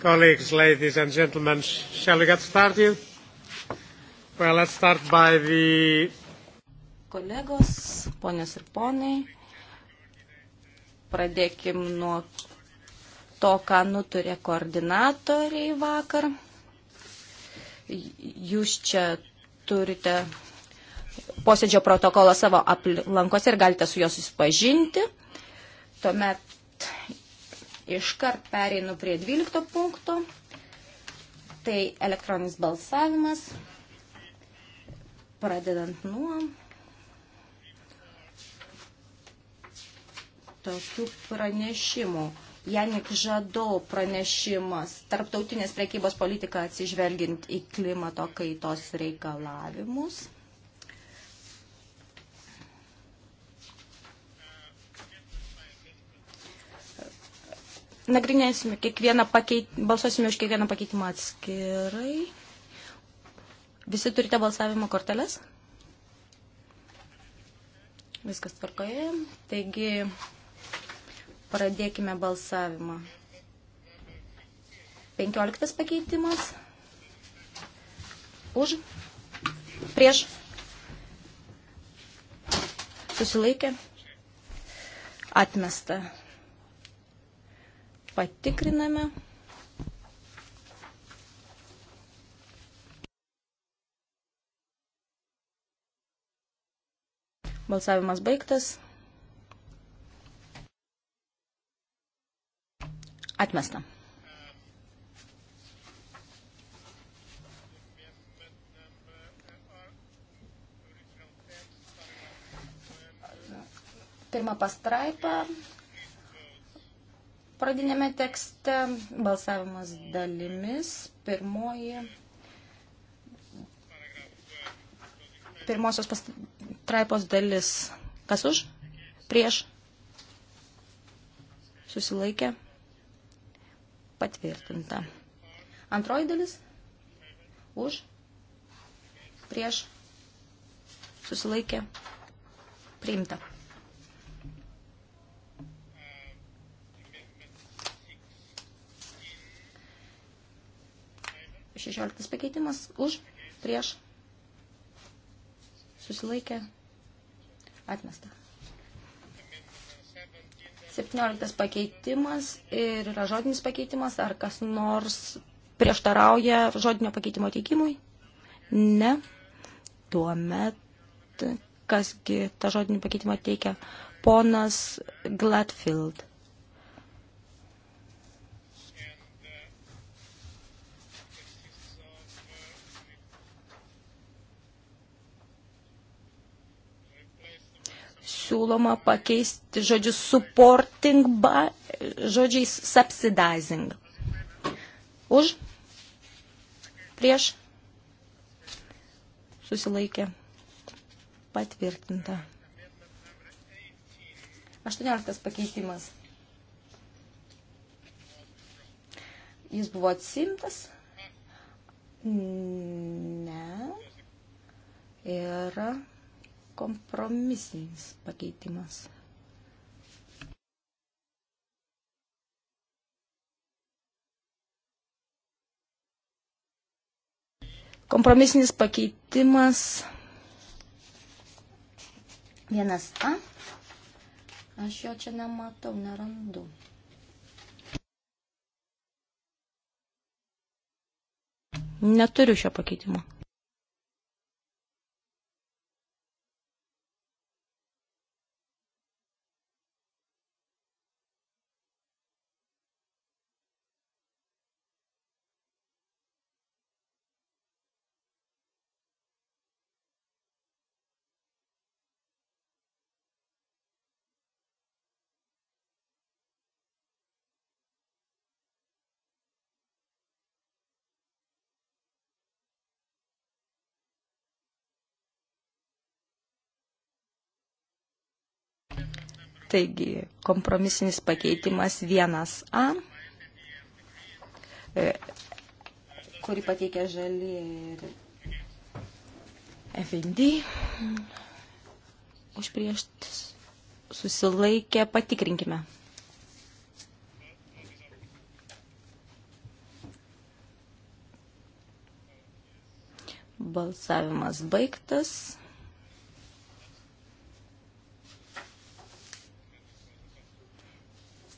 Colleagues, ladies and gentlemen, shall we get started? Well, let's start by the... Kolegos, ponios ir ponai, pradėkim nuo to, ką nuturė koordinatoriai vakar. Jūs čia turite posėdžio protokolą savo aplankose ir galite su juo susipažinti. Tuomet Iškart pereinu prie 12 punkto. Tai elektroninis balsavimas. Pradedant nuo tokių pranešimų. Janik Žado pranešimas Tarptautinės prekybos politika atsižvelgiant į klimato kaitos reikalavimus. nagrinėsime kiekvieną pakeitimą, balsuosime už kiekvieną pakeitimą atskirai. Visi turite balsavimo korteles? Viskas tvarkoje. Taigi, pradėkime balsavimą. 15 pakeitimas. Už. Prieš. Susilaikė. Atmesta. Patikriname. Balsavimas baigtas. Atmesta. Pirma pastraipa, pradinėme tekste. Balsavimas dalimis. Pirmoji. Pirmosios pastraipos dalis. Kas už? Prieš. Susilaikė. Patvirtinta. Antroji dalis. Už. Prieš. Susilaikė. Priimta. 16 pakeitimas už, prieš, susilaikė, atmesta. 17 pakeitimas ir yra žodinis pakeitimas, ar kas nors prieštarauja žodinio pakeitimo teikimui? Ne. Tuomet, kasgi tą žodinį pakeitimą teikia ponas Gladfield. siūloma pakeisti žodžius supporting by žodžiais subsidizing. Už? Prieš? Susilaikė. Patvirtinta. 18 pakeitimas. Jis buvo atsimtas. Ne. Ir kompromisinis pakeitimas. Kompromisinis pakeitimas 1A. Aš jo čia nematau, nerandu. Neturiu šio pakeitimo. Taigi, kompromisinis pakeitimas 1A, e, kurį pateikė žali ir FND. Už prieš susilaikę patikrinkime. Balsavimas baigtas.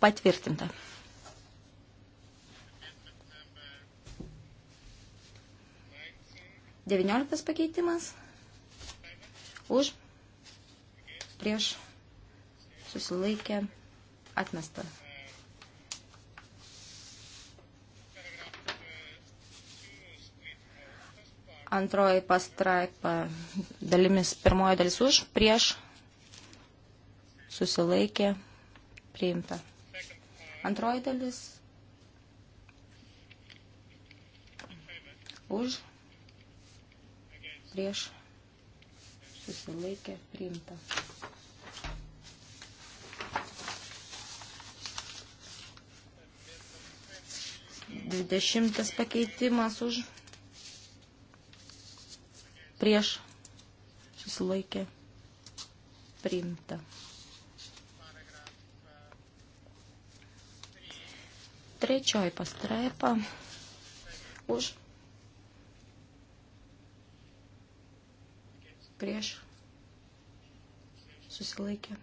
patvirtinta. Devynioliktas pakeitimas už prieš susilaikę atmestą. Antroji pastraipa dalimis, pirmoji dalis už, prieš susilaikė priimta. Antroji dalis už prieš susilaikę priimta. Dvidešimtas pakeitimas už prieš susilaikę priimta. Trećoj pastraipa už prieš susilaikė.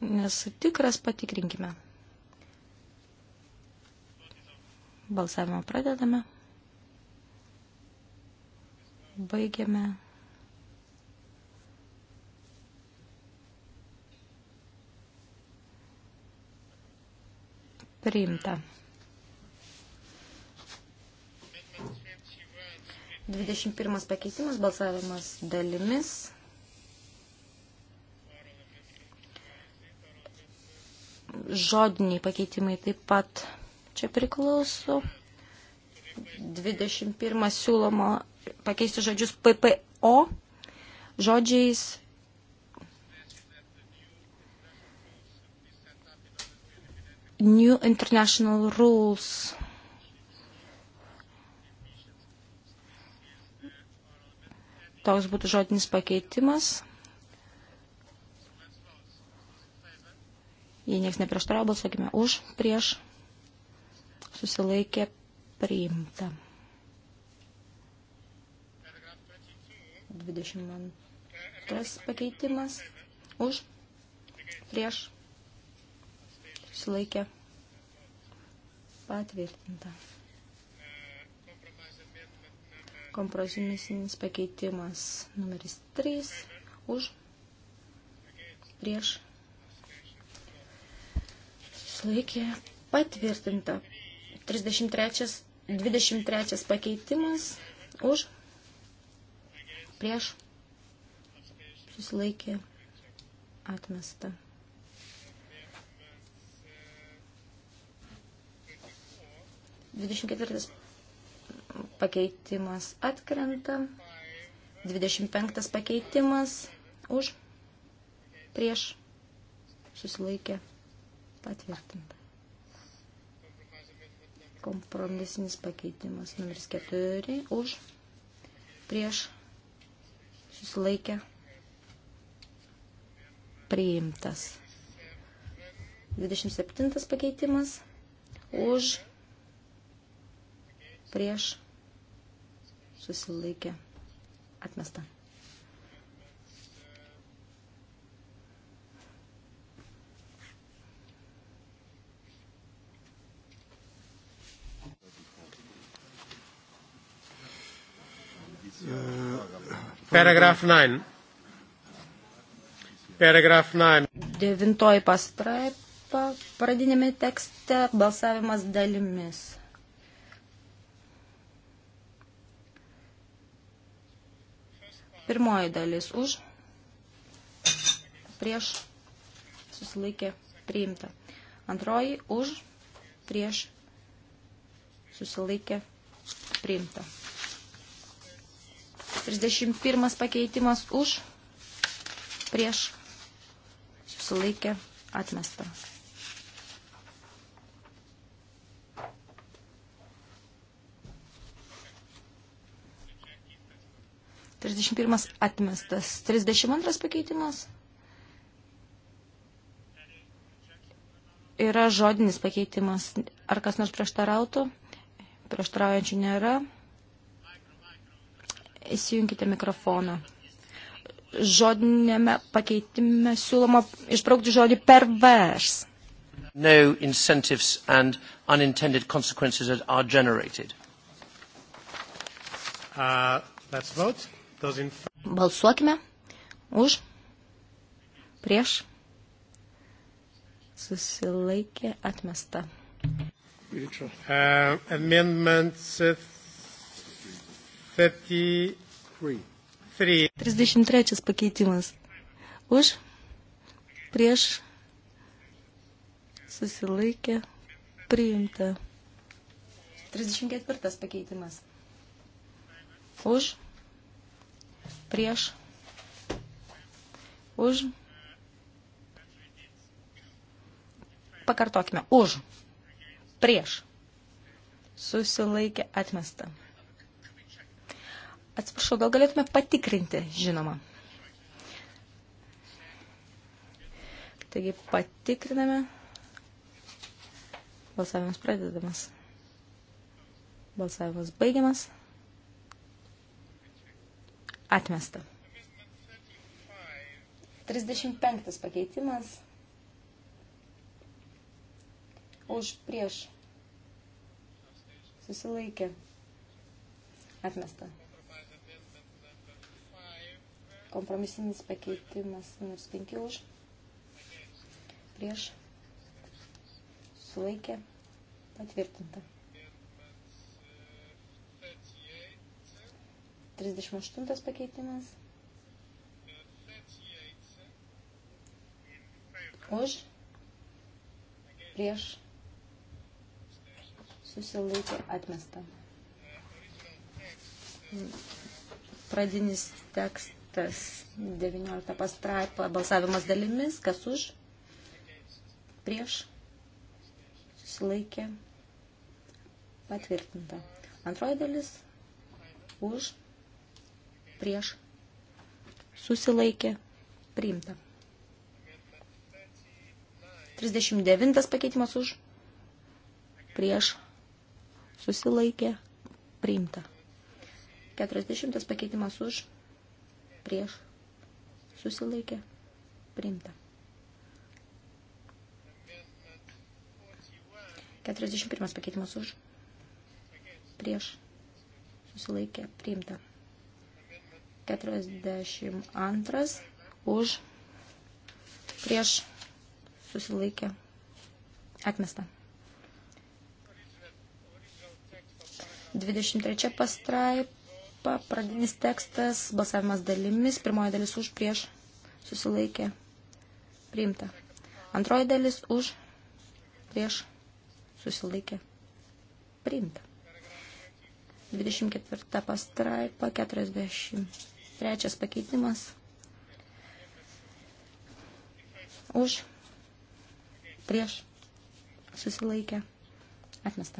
Nesu tikras, patikrinkime. Balsavimą pradedame. Baigiame. Priimta. 21 pakeitimas, balsavimas dalimis. Žodiniai pakeitimai taip pat čia priklauso. 21 siūloma pakeisti žodžius PPO žodžiais new international rules. Toks būtų žodinis pakeitimas. Jei nieks neprieštaravo, balsuokime už, prieš, susilaikė, priimta. 22 pakeitimas, už, prieš, susilaikė patvirtinta. Kompromisinis pakeitimas numeris 3 už prieš susilaikė patvirtinta. 33, 23 pakeitimas už prieš susilaikė atmesta. 24 pakeitimas atkrenta. 25 pakeitimas už prieš susilaikė patvirtinta. Kompromisinis pakeitimas numeris 4 už prieš susilaikė priimtas. 27 pakeitimas už prieš susilaikė atmesta. Paragraf 9. Paragraf 9. Devintoji pastraipa, pradinėme tekste balsavimas dalimis. Pirmoji dalis už, prieš, susilaikė, priimta. Antroji už, prieš, susilaikė, priimta. 31 pakeitimas už, prieš, susilaikė, atmesta. 31 atmestas. 32 pakeitimas. Yra žodinis pakeitimas. Ar kas nors prieštarautų? Prieštaraujančių nėra. Įsijunkite mikrofoną. Žodinėme pakeitime siūloma išbraukti žodį pervers. No incentives and unintended consequences are generated. Uh, let's vote. Balsuokime už, prieš, susilaikė atmesta. Uh, amendments 33. 33 pakeitimas. Už, prieš, susilaikė, priimta. 34 pakeitimas. Už, prieš, už. Pakartokime, už, prieš, susilaikė atmesta. Atsiprašau, gal galėtume patikrinti, žinoma. Taigi patikriname. Balsavimas pradedamas. Balsavimas baigiamas. Atmesta. 35 pakeitimas. Už prieš. Susilaikė. Atmesta. Kompromisinis pakeitimas nors 5 už. Prieš. Sulaikė. Patvirtinta. 38 pakeitimas. Už. Prieš. Susilaikė atmestą. Pradinis tekstas 19 pastraipa balsavimas dalimis. Kas už? Prieš. Susilaikė patvirtinta. Antroji dalis už prieš susilaikė priimta. 39 pakeitimas už prieš susilaikė priimta. 40 pakeitimas už prieš susilaikė priimta. 41 pakeitimas už prieš susilaikė priimta. 42 už prieš susilaikę atmestą. 23 pastraipa, pradinis tekstas, balsavimas dalimis, pirmoji dalis už prieš susilaikė priimta. Antroji dalis už prieš susilaikė priimta. 24 pastraipa, 40 Trečias pakeitimas. Už. Prieš. Susilaikę. Atmesta.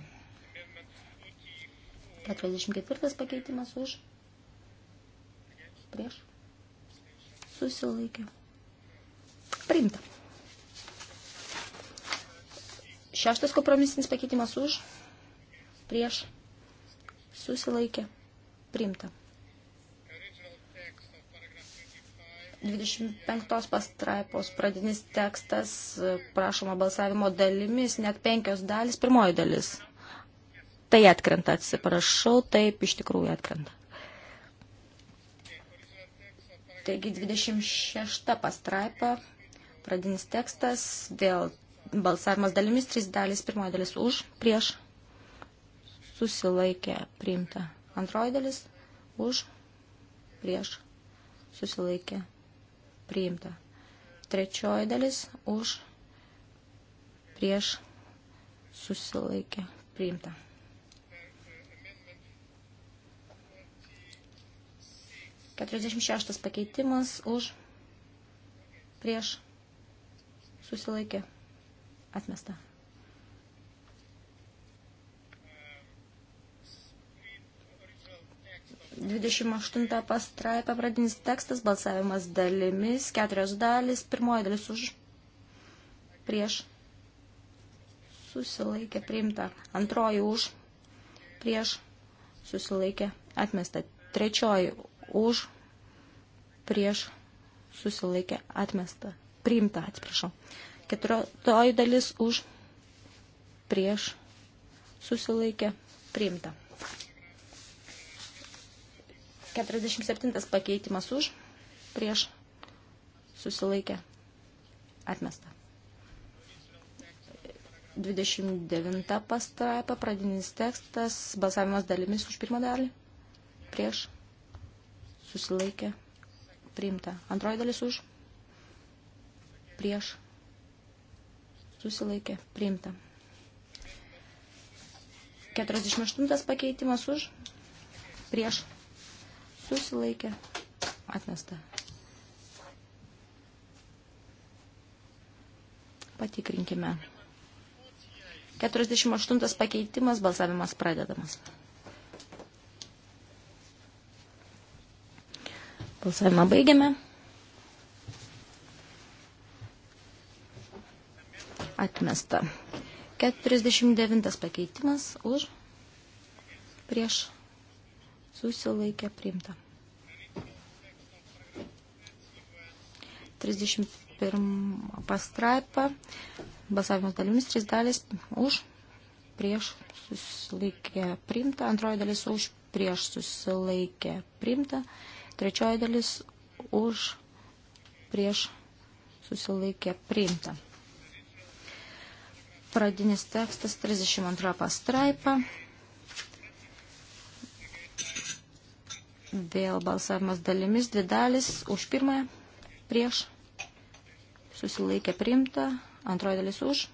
44 pakeitimas už. Prieš. Susilaikė. Priimta. Šeštas kompromisinis pakeitimas už. Prieš. Susilaikė. Priimta. 25 pastraipos pradinis tekstas prašoma balsavimo dalimis, net penkios dalis, pirmoji dalis. Tai atkrenta, atsiprašau, taip iš tikrųjų atkrenta. Taigi 26 pastraipa, pradinis tekstas, vėl balsavimas dalimis, trys dalis, pirmoji dalis už, prieš, susilaikė, priimta. Antroji dalis už, prieš, susilaikė, priimta. Trečioji dalis už prieš susilaikė priimta. Keturiasdešimt šeštas pakeitimas už prieš susilaikė atmesta. 28 pastraipa pradinis tekstas, balsavimas dalimis, keturios dalis, pirmoji dalis už, prieš, susilaikė priimta, antroji už, prieš, susilaikė atmesta, trečioji už, prieš, susilaikė atmesta, priimta, atsiprašau, keturioji dalis už, prieš, susilaikė priimta. 47 pakeitimas už, prieš susilaikę atmesta. 29 pastraipa, pradinis tekstas, balsavimas dalimis už pirmą dalį, prieš, susilaikė, priimta. Antroji dalis už, prieš, susilaikė, priimta. 48 pakeitimas už, prieš, susilaikė, atmesta. Patikrinkime. 48 pakeitimas, balsavimas pradedamas. Balsavimą baigiame. Atmesta. 49 pakeitimas už prieš susilaikė priimta. 31 pastraipa, balsavimas dalimis, 3 dalis už, prieš susilaikė priimta, antroji dalis už, prieš susilaikė priimta, trečioji dalis už, prieš susilaikė priimta. Pradinis tekstas 32 pastraipa. Vėl balsavimas dalimis, dvi dalis, už pirmąją, prieš, susilaikė priimta, antroji dalis už,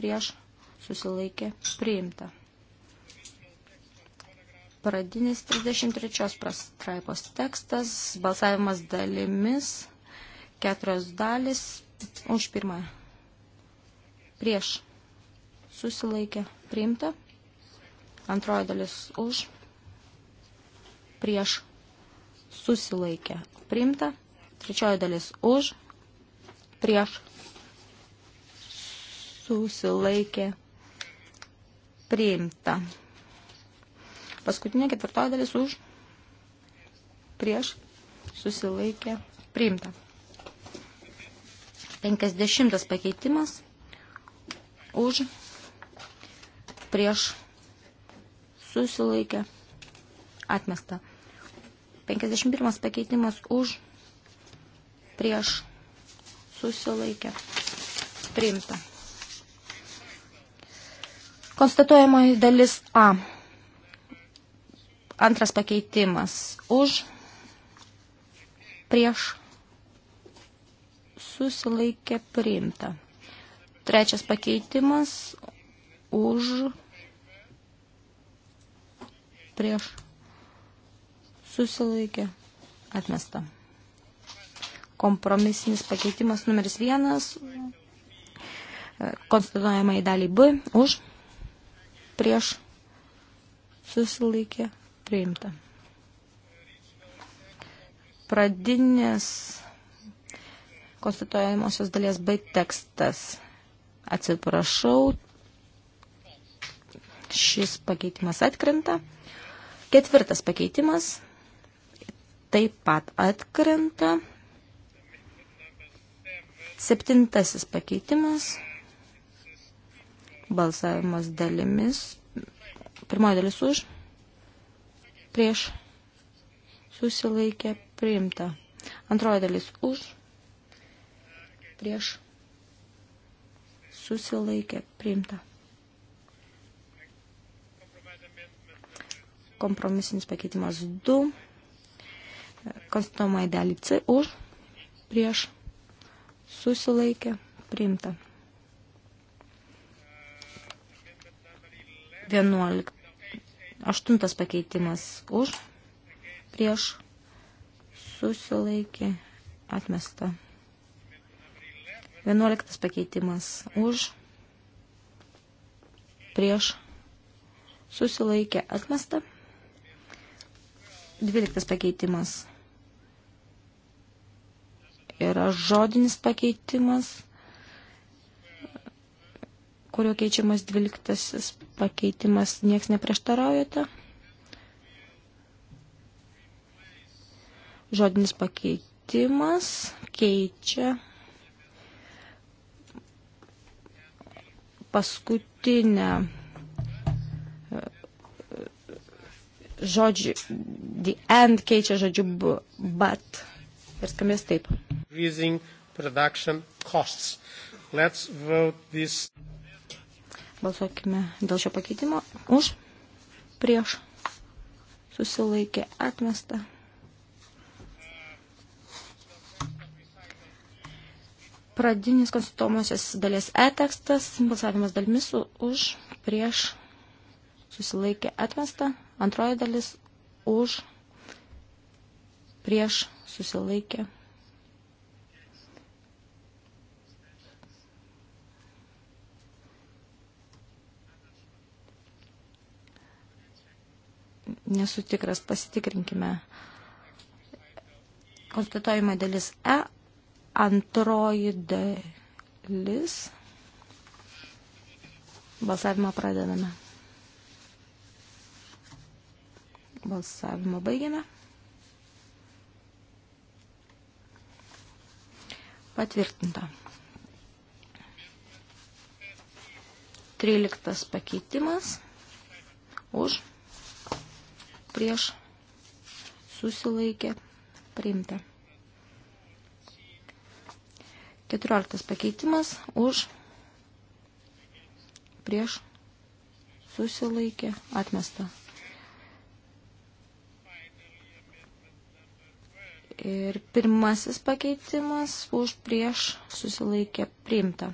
prieš, susilaikė priimta. Pradinis 33 prastraipos tekstas, balsavimas dalimis, keturios dalis, už pirmąją, prieš, susilaikė priimta, antroji dalis už, prieš, susilaikė priimta. Trečioji dalis už, prieš, susilaikė priimta. Paskutinė ketvirtoji dalis už, prieš, susilaikė priimta. 50 pakeitimas už, prieš, susilaikė atmesta. 51 pakeitimas už, prieš, susilaikė, priimta. Konstatuojamoji dalis A. Antras pakeitimas už, prieš, susilaikė, priimta. Trečias pakeitimas už, prieš, susilaikė, atmesta. Kompromisinis pakeitimas numeris vienas, e, konstatuojama į dalį B, už, prieš, susilaikė, priimta. Pradinės konstatuojamosios dalies B tekstas. Atsiprašau, šis pakeitimas atkrenta. Ketvirtas pakeitimas taip pat atkrenta. Septintasis pakeitimas. Balsavimas dalimis. Pirmoji dalis už. Prieš. Susilaikė. Priimta. Antroji dalis už. Prieš. Susilaikė. Priimta. kompromisinis pakeitimas 2 konstatuojamai dalį C už, prieš, susilaikė, priimta. 11. Aštuntas pakeitimas už, prieš, susilaikė, atmesta. 11 pakeitimas už, prieš, susilaikė, atmesta. 12 pakeitimas yra žodinis pakeitimas, kurio keičiamas dvyliktasis pakeitimas, nieks neprieštaraujate. Žodinis pakeitimas keičia paskutinę žodžių, the end keičia žodžiu but ir skambės taip increasing production costs. Let's vote this. Balsuokime dėl šio pakeitimo. Už, prieš, susilaikė, atmesta. Pradinis konstituomosios dalies E tekstas, balsavimas dalimis už, prieš, susilaikė, atmesta. Antroji dalis už, prieš, susilaikė, atmesta Nesu tikras, pasitikrinkime. Konstatuojama dalis E, antroji dalis. Balsavimą pradedame. Balsavimą baigiame. Patvirtinta. 13 pakeitimas. Už prieš susilaikė priimta. 14 pakeitimas už prieš susilaikė atmesta. Ir pirmasis pakeitimas už prieš susilaikė priimta.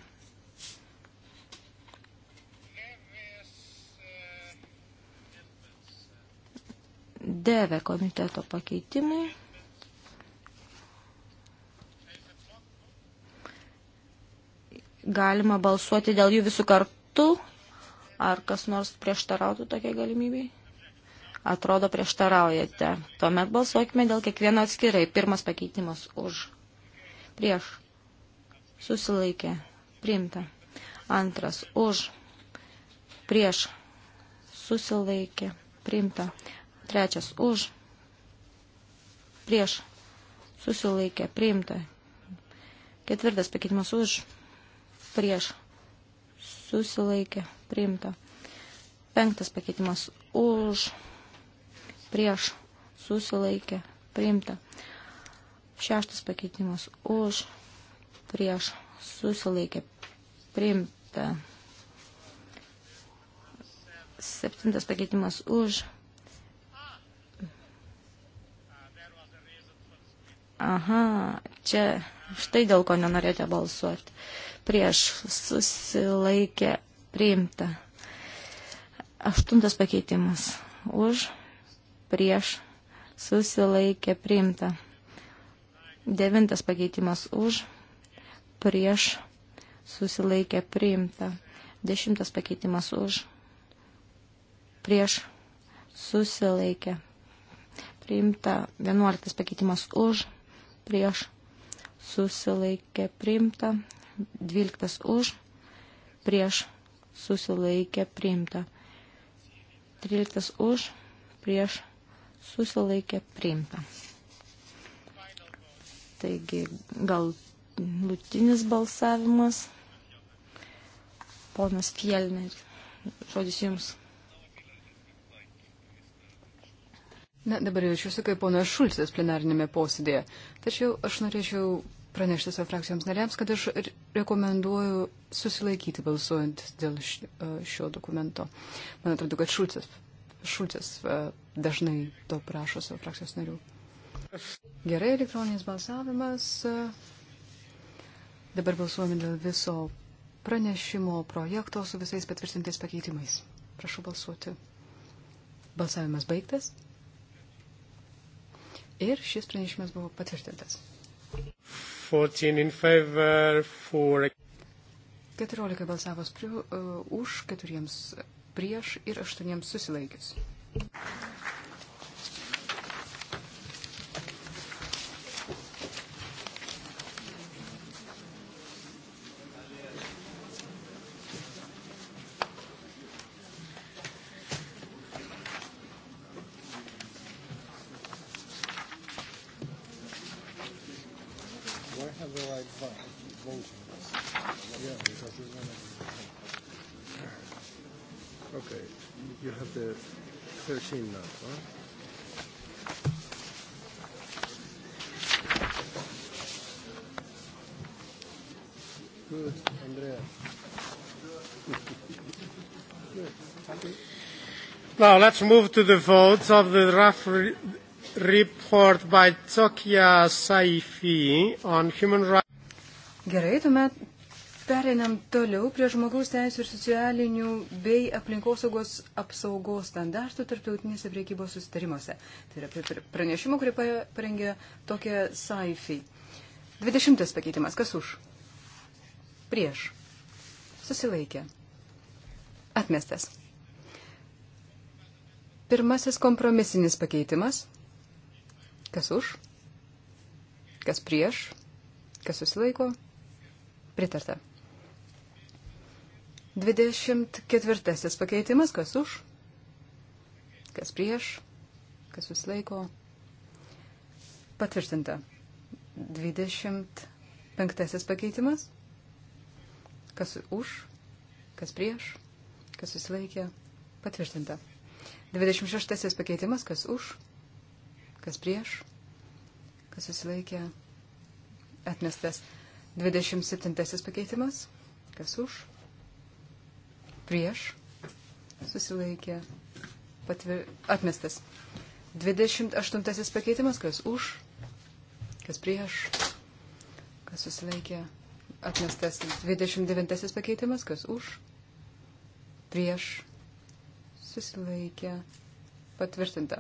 DV komiteto pakeitimai. Galima balsuoti dėl jų visų kartu. Ar kas nors prieštarautų tokiai galimybei? Atrodo prieštaraujate. Tuomet balsuokime dėl kiekvieno atskirai. Pirmas pakeitimas už. Prieš. Susilaikė. Priimta. Antras. Už. Prieš. Susilaikė. Priimta. Trečias už, prieš, susilaikė, priimta. Ketvirtas pakeitimas už, prieš, susilaikė, priimta. Penktas pakeitimas už, prieš, susilaikė, priimta. Šeštas pakeitimas už, prieš, susilaikė, priimta. Septintas pakeitimas už, Aha, čia štai dėl ko nenorėjote balsuoti. Prieš susilaikė priimta. Aštuntas pakeitimas. Už, prieš, susilaikė priimta. Devintas pakeitimas už, prieš, susilaikė priimta. Dešimtas pakeitimas už, prieš, susilaikė priimta. Vienuoliktas pakeitimas už, prieš susilaikė priimta, 12 už, prieš susilaikė priimta, 13 už, prieš susilaikė priimta. Taigi galutinis balsavimas. Ponas Fielner, žodis jums. Na, dabar jaučiuosi kaip ponas Šulcas plenarinėme posėdėje. Tačiau aš norėčiau pranešti savo frakcijoms nariams, kad aš rekomenduoju susilaikyti balsuojant dėl e, šio dokumento. Man atrodo, kad Šulcas, Šulcas e, dažnai to prašo savo frakcijos narių. Gerai, elektroninis balsavimas. Dabar balsuojame dėl viso pranešimo projekto su visais patvirtintais pakeitimais. Prašau balsuoti. Balsavimas baigtas. Ir šis pranešimas buvo patvirtintas. 14 for... 14 balsavos prie, uh, už, 4 prieš ir 8 susilaikius. Now let's move to the votes of the draft re report by Tokia Saifi on human rights. Gerai, tuomet pereinam toliau prie žmogaus teisų ir socialinių bei aplinkosaugos apsaugos standartų tarptautinėse priekybos sustarimuose. Tai yra pranešimo, kurį parengė Tokia Saifi. 20 pakeitimas. Kas už? Prieš. Susilaikė. Atmestas. Pirmasis kompromisinis pakeitimas. Kas už? Kas prieš? Kas susilaiko? Pritarta. 24 pakeitimas. Kas už? Kas prieš? Kas susilaiko? Patvirtinta. 25 pakeitimas. Kas už? Kas prieš? Kas susilaikė? Patvirtinta. 26 pakeitimas, kas už, kas prieš, kas susilaikė, atmestas. 27 pakeitimas, kas už, prieš, susilaikė, patvir... atmestas. 28 pakeitimas, kas už, kas prieš, kas susilaikė, atmestas. 29 pakeitimas, kas už, prieš, susilaikė, patvirtinta.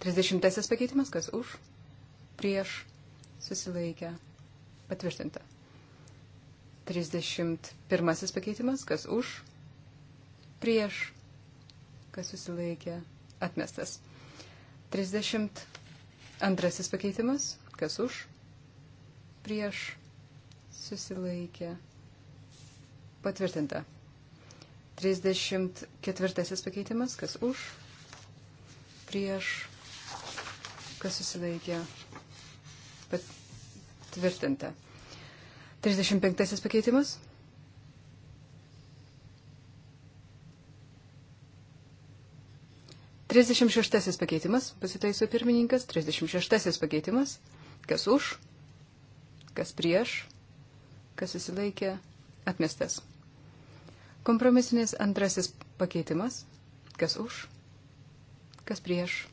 30 pakeitimas, kas už, prieš, susilaikė, patvirtinta. 31 pakeitimas, kas už, prieš, kas susilaikė, atmestas. 32 pakeitimas, kas už, prieš, susilaikė, atmestas Patvirtinta. 34 pakeitimas, kas už, prieš, kas susilaikė, patvirtinta. 35 pakeitimas. Trisdešimt šeštasis pakeitimas, pasitaiso pirmininkas, trisdešimt šeštasis pakeitimas, kas už, kas prieš, kas susilaikė, atmestas. Kompromisinis antrasis pakeitimas. Kas už, kas prieš,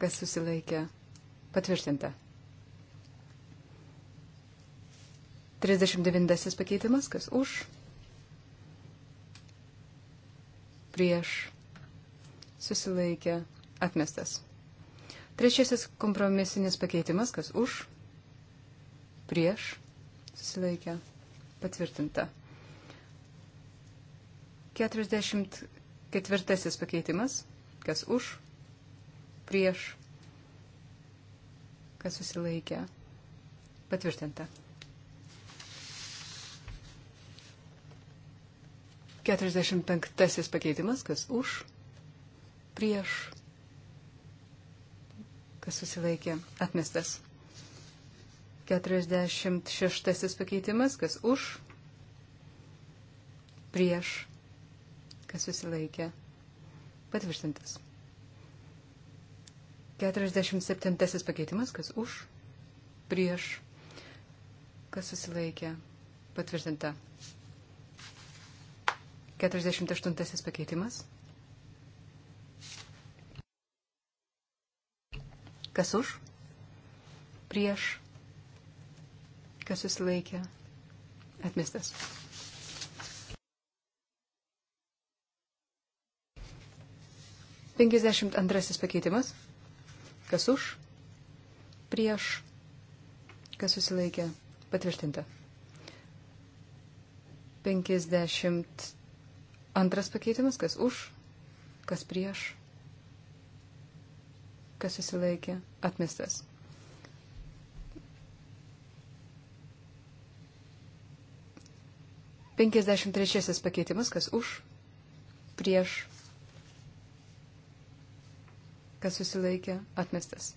kas susilaikė. Patvirtinta. 39 pakeitimas. Kas už, prieš, susilaikė. Atmestas. Trečiasis kompromisinis pakeitimas. Kas už, prieš, susilaikė. Patvirtinta. 44 pakeitimas, kas už, prieš, kas susilaikė, patvirtinta. 45 pakeitimas, kas už, prieš, kas susilaikė, atmestas. 46 pakeitimas, kas už, prieš, kas susilaikė, patvirtintas. 47 pakeitimas, kas už, prieš, kas susilaikė, patvirtinta. 48 pakeitimas. Kas už? Prieš. Kas susilaikė? Atmestas. 52 pakeitimas. Kas už? Prieš. Kas susilaikė? Patvirtinta. 52 pakeitimas. Kas už? Kas prieš? Kas susilaikė? Atmestas. Penkiasdešimt trečiasis pakeitimas, kas už, prieš, kas susilaikė, atmestas.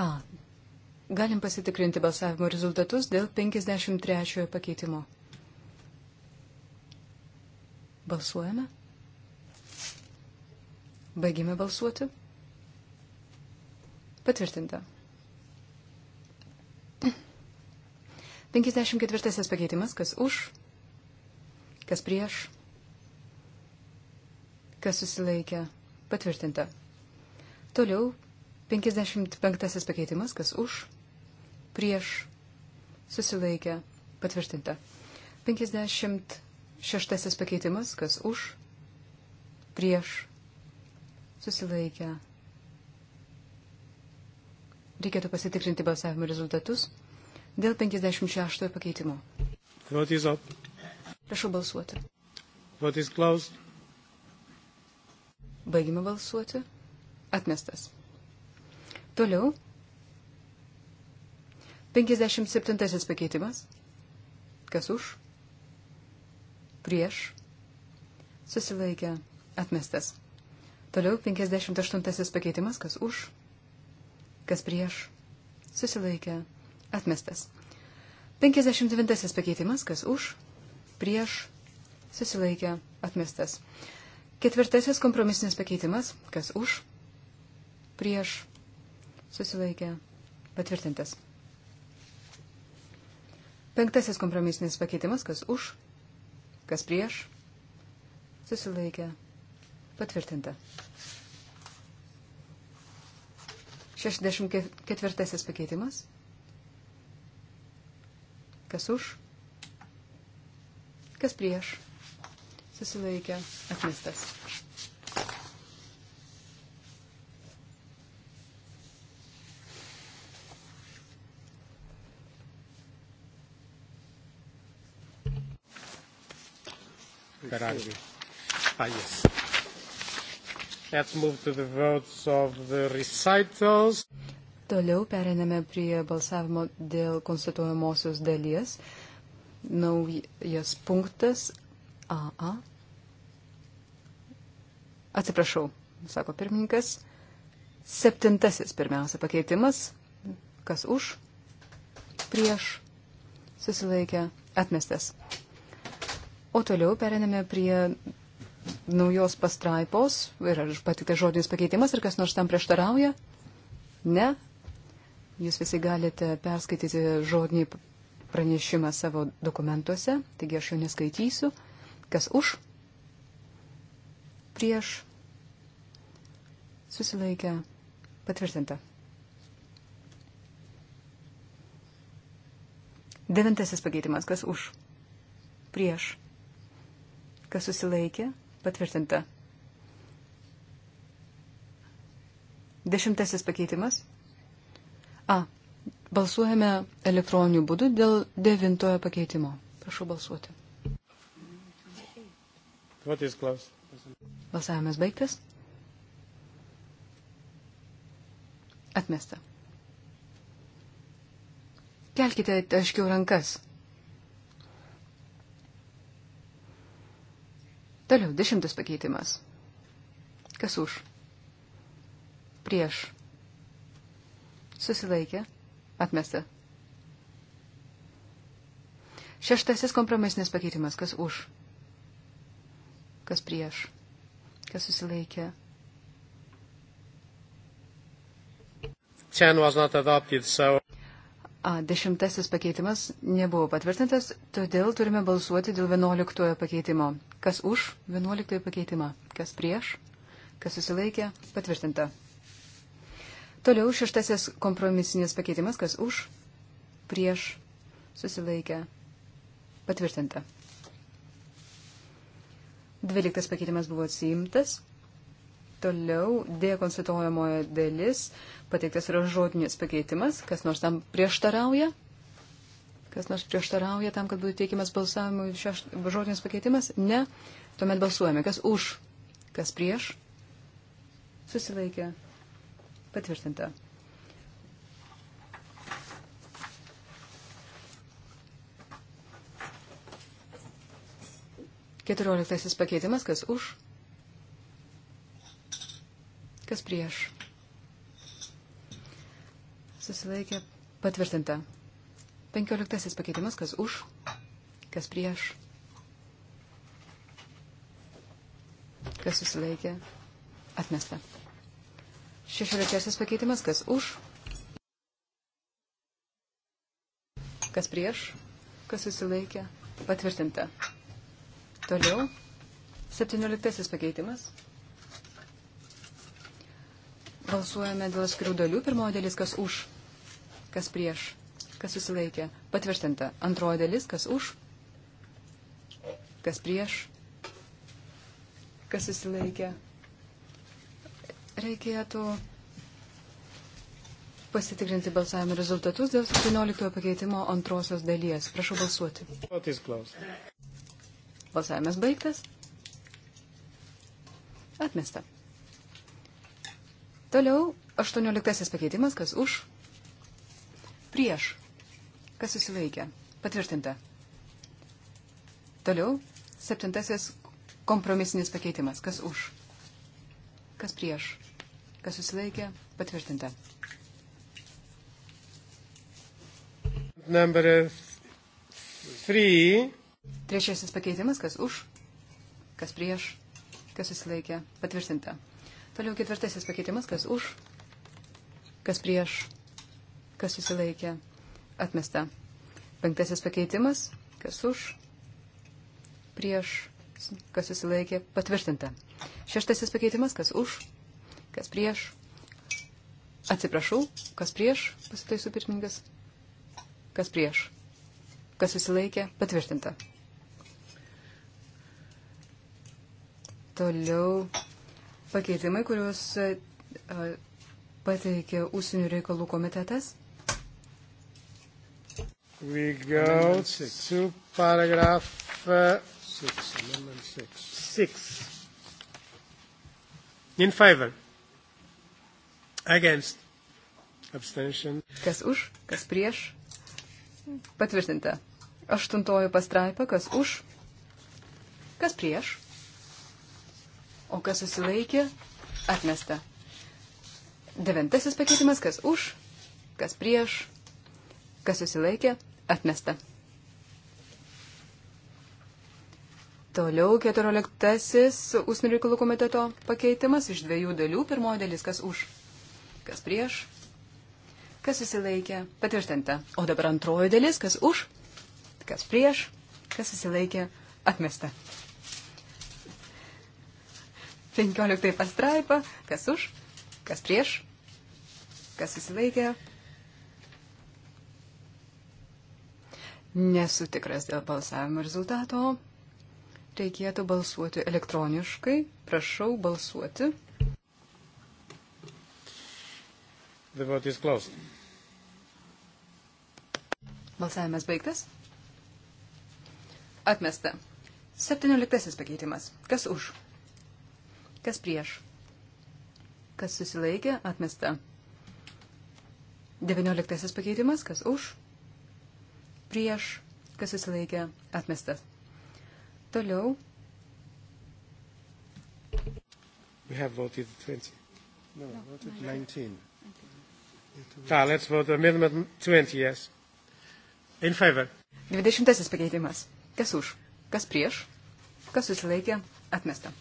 A. Galim pasitikrinti balsavimo rezultatus dėl 53 pakeitimo. Balsuojame. Baigime balsuoti. Patvirtinta. 54 pakeitimas, kas už, kas prieš, kas susilaikė, Patvirtinta. Toliau 55 pakeitimas, kas už, prieš, susilaikė, patvirtinta. 56 pakeitimas, kas už, prieš, susilaikė. Reikėtų pasitikrinti balsavimo rezultatus dėl 56 pakeitimo. Prašau balsuoti. Vote is closed. Baigime balsuoti. Atmestas. Toliau. 57 pakeitimas. Kas už? Prieš. Susilaikė. Atmestas. Toliau 58 pakeitimas. Kas už? Kas prieš? Susilaikė. Atmestas. 59 pakeitimas. Kas už? Prieš. Susilaikė. Atmestas. Ketvirtasis kompromisinis pakeitimas. Kas už? Prieš. Susilaikė. Patvirtintas. Penktasis kompromisinis pakeitimas. Kas už? Kas prieš? Susilaikė. Patvirtinta. 64 pakeitimas. Kas už? Kas prieš? susilaikė, atmestas. Karagiai. Ah, yes. Let's move to the votes of the recitals. Toliau pereiname prie balsavimo dėl konstatuojamosios dalies. Naujas punktas AA Atsiprašau, sako pirmininkas. Septintasis pirmiausia pakeitimas. Kas už? Prieš. Susilaikė. Atmestas. O toliau periname prie naujos pastraipos. Ir aš patikė žodinis pakeitimas. Ir kas nors tam prieštarauja? Ne. Jūs visi galite perskaityti žodinį pranešimą savo dokumentuose. Taigi aš jo neskaitysiu. Kas už? prieš susilaikę patvirtinta. Devintasis pakeitimas, kas už, prieš, kas susilaikė, patvirtinta. Dešimtasis pakeitimas. A. Balsuojame elektroniniu būdu dėl devintojo pakeitimo. Prašau balsuoti. What is close? Balsavimas baigtas. Atmesta. Kelkite aiškiau rankas. Toliau, dešimtas pakeitimas. Kas už? Prieš. Susilaikė. Atmesta. Šeštasis kompromisinis pakeitimas. Kas už? Kas prieš? kas susilaikė. Adopted, so... A, dešimtasis pakeitimas nebuvo patvirtintas, todėl turime balsuoti dėl vienuoliktojo pakeitimo. Kas už vienuoliktojo pakeitimą? Kas prieš? Kas susilaikė? Patvirtinta. Toliau šeštasis kompromisinis pakeitimas, kas už, prieš, susilaikė, patvirtinta. Dvyliktas pakeitimas buvo atsiimtas. Toliau D konstituojamojo dalis pateiktas yra žodinis pakeitimas. Kas nors tam prieštarauja? Kas nors prieštarauja tam, kad būtų teikiamas balsavimui šeš... žodinis pakeitimas? Ne. Tuomet balsuojame. Kas už? Kas prieš? Susilaikė. Patvirtinta. Keturioliktasis pakeitimas, kas už, kas prieš. Susilaikė patvirtinta. Penkioliktasis pakeitimas, kas už, kas prieš. Kas susilaikė? Atmesta. Šešioliktasis pakeitimas, kas už, kas prieš, kas susilaikė, patvirtinta. Toliau. 17 pakeitimas. Balsuojame dėl skirių dalių. Pirmoji dalis, kas už, kas prieš, kas susilaikė. Patvirtinta. Antroji dalis, kas už, kas prieš, kas susilaikė. Reikėtų pasitikrinti balsavimo rezultatus dėl 17 pakeitimo antrosios dalies. Prašau balsuoti. Balsavimas baigtas. Atmesta. Toliau 18 pakeitimas, kas už, prieš, kas susilaikė, patvirtinta. Toliau 7 kompromisinis pakeitimas, kas už, kas prieš, kas susilaikė, patvirtinta. Number three. Trečiasis pakeitimas, kas už, kas prieš, kas susilaikė, patvirtinta. Toliau ketvirtasis pakeitimas, kas už, kas prieš, kas susilaikė, atmesta. Penktasis pakeitimas, kas už, prieš, kas susilaikė, patvirtinta. Šeštasis pakeitimas, kas už, kas prieš, atsiprašau, kas prieš, pasitaisų pirmininkas, kas prieš, kas susilaikė, patvirtinta. Toliau pakeitimai, kuriuos e, pateikė Užsienio reikalų komitetas. We go to paragraph uh, six, amendment six. Six. In favor. Against. Abstention. Kas už, kas prieš. Patvirtinta. Aštuntoji pastraipa, kas už, kas prieš o kas susilaikė, atmesta. Devintasis pakeitimas, kas už, kas prieš, kas susilaikė, atmesta. Toliau keturioliktasis Užsienio reikalų komiteto pakeitimas iš dviejų dalių. Pirmoji dalis, kas už, kas prieš, kas susilaikė, patvirtinta. O dabar antroji dalis, kas už, kas prieš, kas susilaikė, atmesta. 15 pastraipą, kas už, kas prieš, kas susilaikė. Nesu tikras dėl balsavimo rezultato. Reikėtų balsuoti elektroniškai. Prašau balsuoti. The vote is closed. Balsavimas baigtas. Atmesta. 17 pakeitimas. Kas už? Kas prieš? Kas susilaikė? Atmesta. Devynioliktasis pakeitimas. Kas už? Prieš. Kas susilaikė? Atmestas. Toliau. We have voted 20. No, no voted 19. 19. Ta, let's vote amendment 20, yes. In favor. 20 pakeitimas. Kas už? Kas prieš? Kas susilaikė? Atmesta.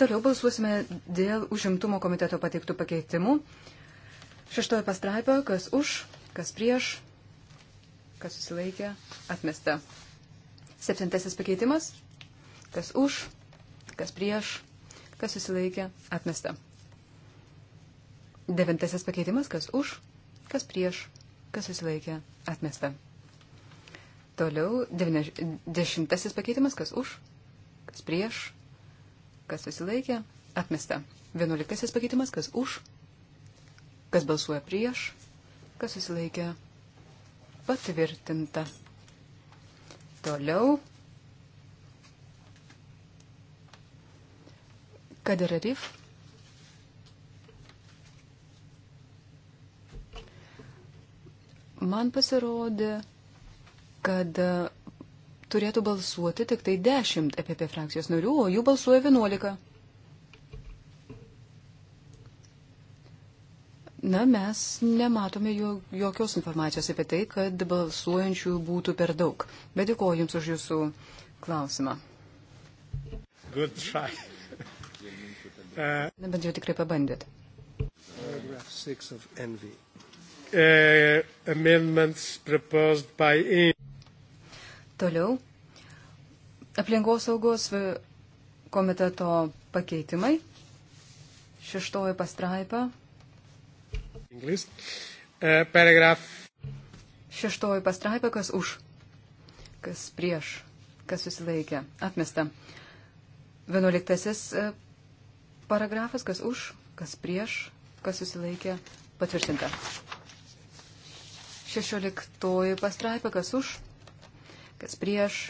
Toliau balsuosime dėl užimtumo komiteto pateiktų pakeitimų. Šeštoje pastraipoje, kas už, kas prieš, kas susilaikė, atmesta. Septintasis pakeitimas, kas už, kas prieš, kas susilaikė, atmesta. Devintasis pakeitimas, kas už, kas prieš, kas susilaikė, atmesta. Toliau, devine, dešimtasis pakeitimas, kas už, kas prieš, kas susilaikė, atmesta. Vienuoliktasis pakeitimas, kas už, kas balsuoja prieš, kas susilaikė, patvirtinta. Toliau. Kad yra RIF? Man pasirodė, kad turėtų balsuoti tik tai 10 EPP frakcijos narių, o jų balsuoja 11. Na, mes nematome jokios informacijos apie tai, kad balsuojančių būtų per daug. Bet dėkuoju Jums už Jūsų klausimą. Good try. Na, bent jau tikrai pabandėt. Uh, amendments proposed by Toliau. Aplinkosaugos komiteto pakeitimai. Šeštoji pastraipa. Inglis. E, uh, paragraf. Šeštoji pastraipa, kas už, kas prieš, kas susilaikė. Atmesta. Vienuoliktasis uh, paragrafas, kas už, kas prieš, kas susilaikė. Patvirtinta. Šešioliktoji pastraipa, kas už, kas prieš,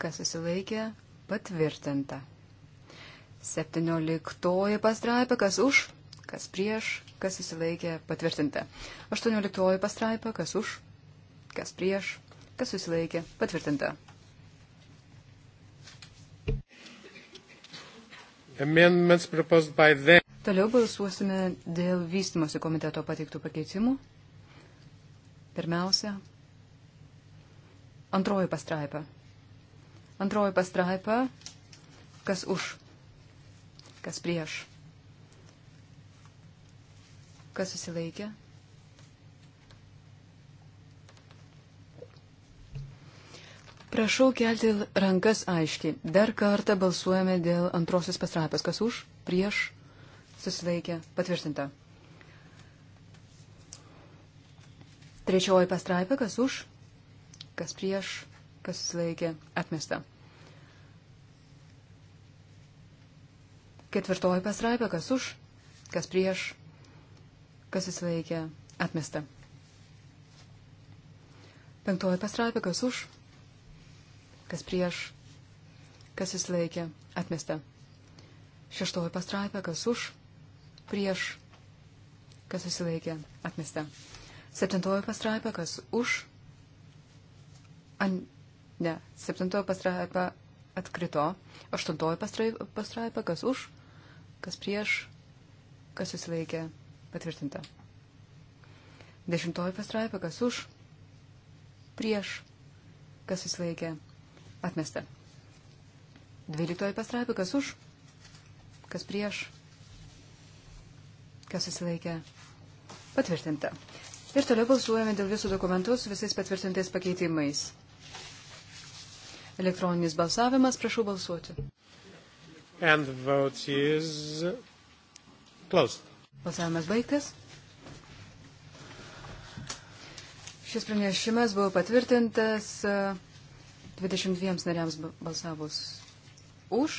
kas susilaikė, patvirtinta. 17 pastraipė, kas už, kas prieš, kas susilaikė, patvirtinta. 18 pastraipė, kas už, kas prieš, kas susilaikė, patvirtinta. Amendments proposed by them. Toliau balsuosime dėl vystimosi komiteto pateiktų pakeitimų. Pirmiausia, Antroji pastraipa. Antroji pastraipa, kas už, kas prieš, kas susilaikė. Prašau kelti rankas aiškiai. Dar kartą balsuojame dėl antrosios pastraipos. Kas už, prieš, susilaikė, patvirtinta. Trečioji pastraipė, kas už, kas prieš, kas susilaikė, atmesta. Ketvirtoji pasraipė, kas už, kas prieš, kas susilaikė, atmesta. Penktoji pasraipė, kas už, kas prieš, kas susilaikė, atmesta. Šeštoji pastraipė, kas už, prieš, kas susilaikė, atmesta. Septintoji pastraipė, kas už, An, ne, septintoji pastraipa atkrito, aštuntoji pastraipa, pastraipa, kas už, kas prieš, kas susilaikė, patvirtinta. Dešimtoji pastraipa, kas už, prieš, kas susilaikė, atmesta. Dvyliktoji pastraipa, kas už, kas prieš, kas susilaikė, patvirtinta. Ir toliau balsuojame dėl visų dokumentų su visais patvirtintais pakeitimais. Elektroninis balsavimas, prašau balsuoti. Balsavimas baigtas. Šis pranešimas buvo patvirtintas 22 e, nariams balsavus už,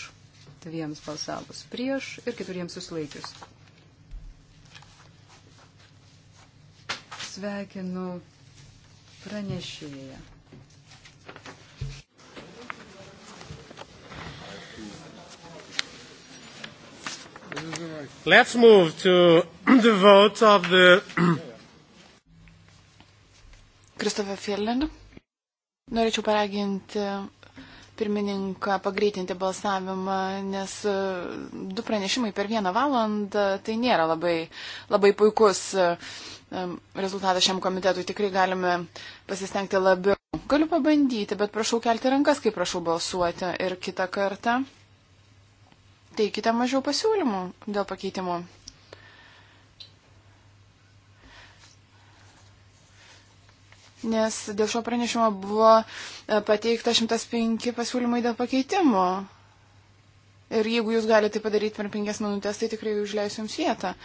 2 balsavus prieš ir 4 susilaikius. sveikinu pranešėją. Let's move to the vote of the. Kristofė Fierlend. Norėčiau paraginti pirmininką pagreitinti balsavimą, nes e, du pranešimai per vieną valandą tai nėra labai, labai puikus e, rezultatas šiam komitetui. Tikrai galime pasistengti labiau. Galiu pabandyti, bet prašau kelti rankas, kai prašau balsuoti ir kitą kartą teikite mažiau pasiūlymų dėl pakeitimų. Nes dėl šio pranešimo buvo e, pateikta 105 pasiūlymai dėl pakeitimų. Ir jeigu jūs galite tai padaryti per 5 minutės, tai tikrai užleisiu jums vietą.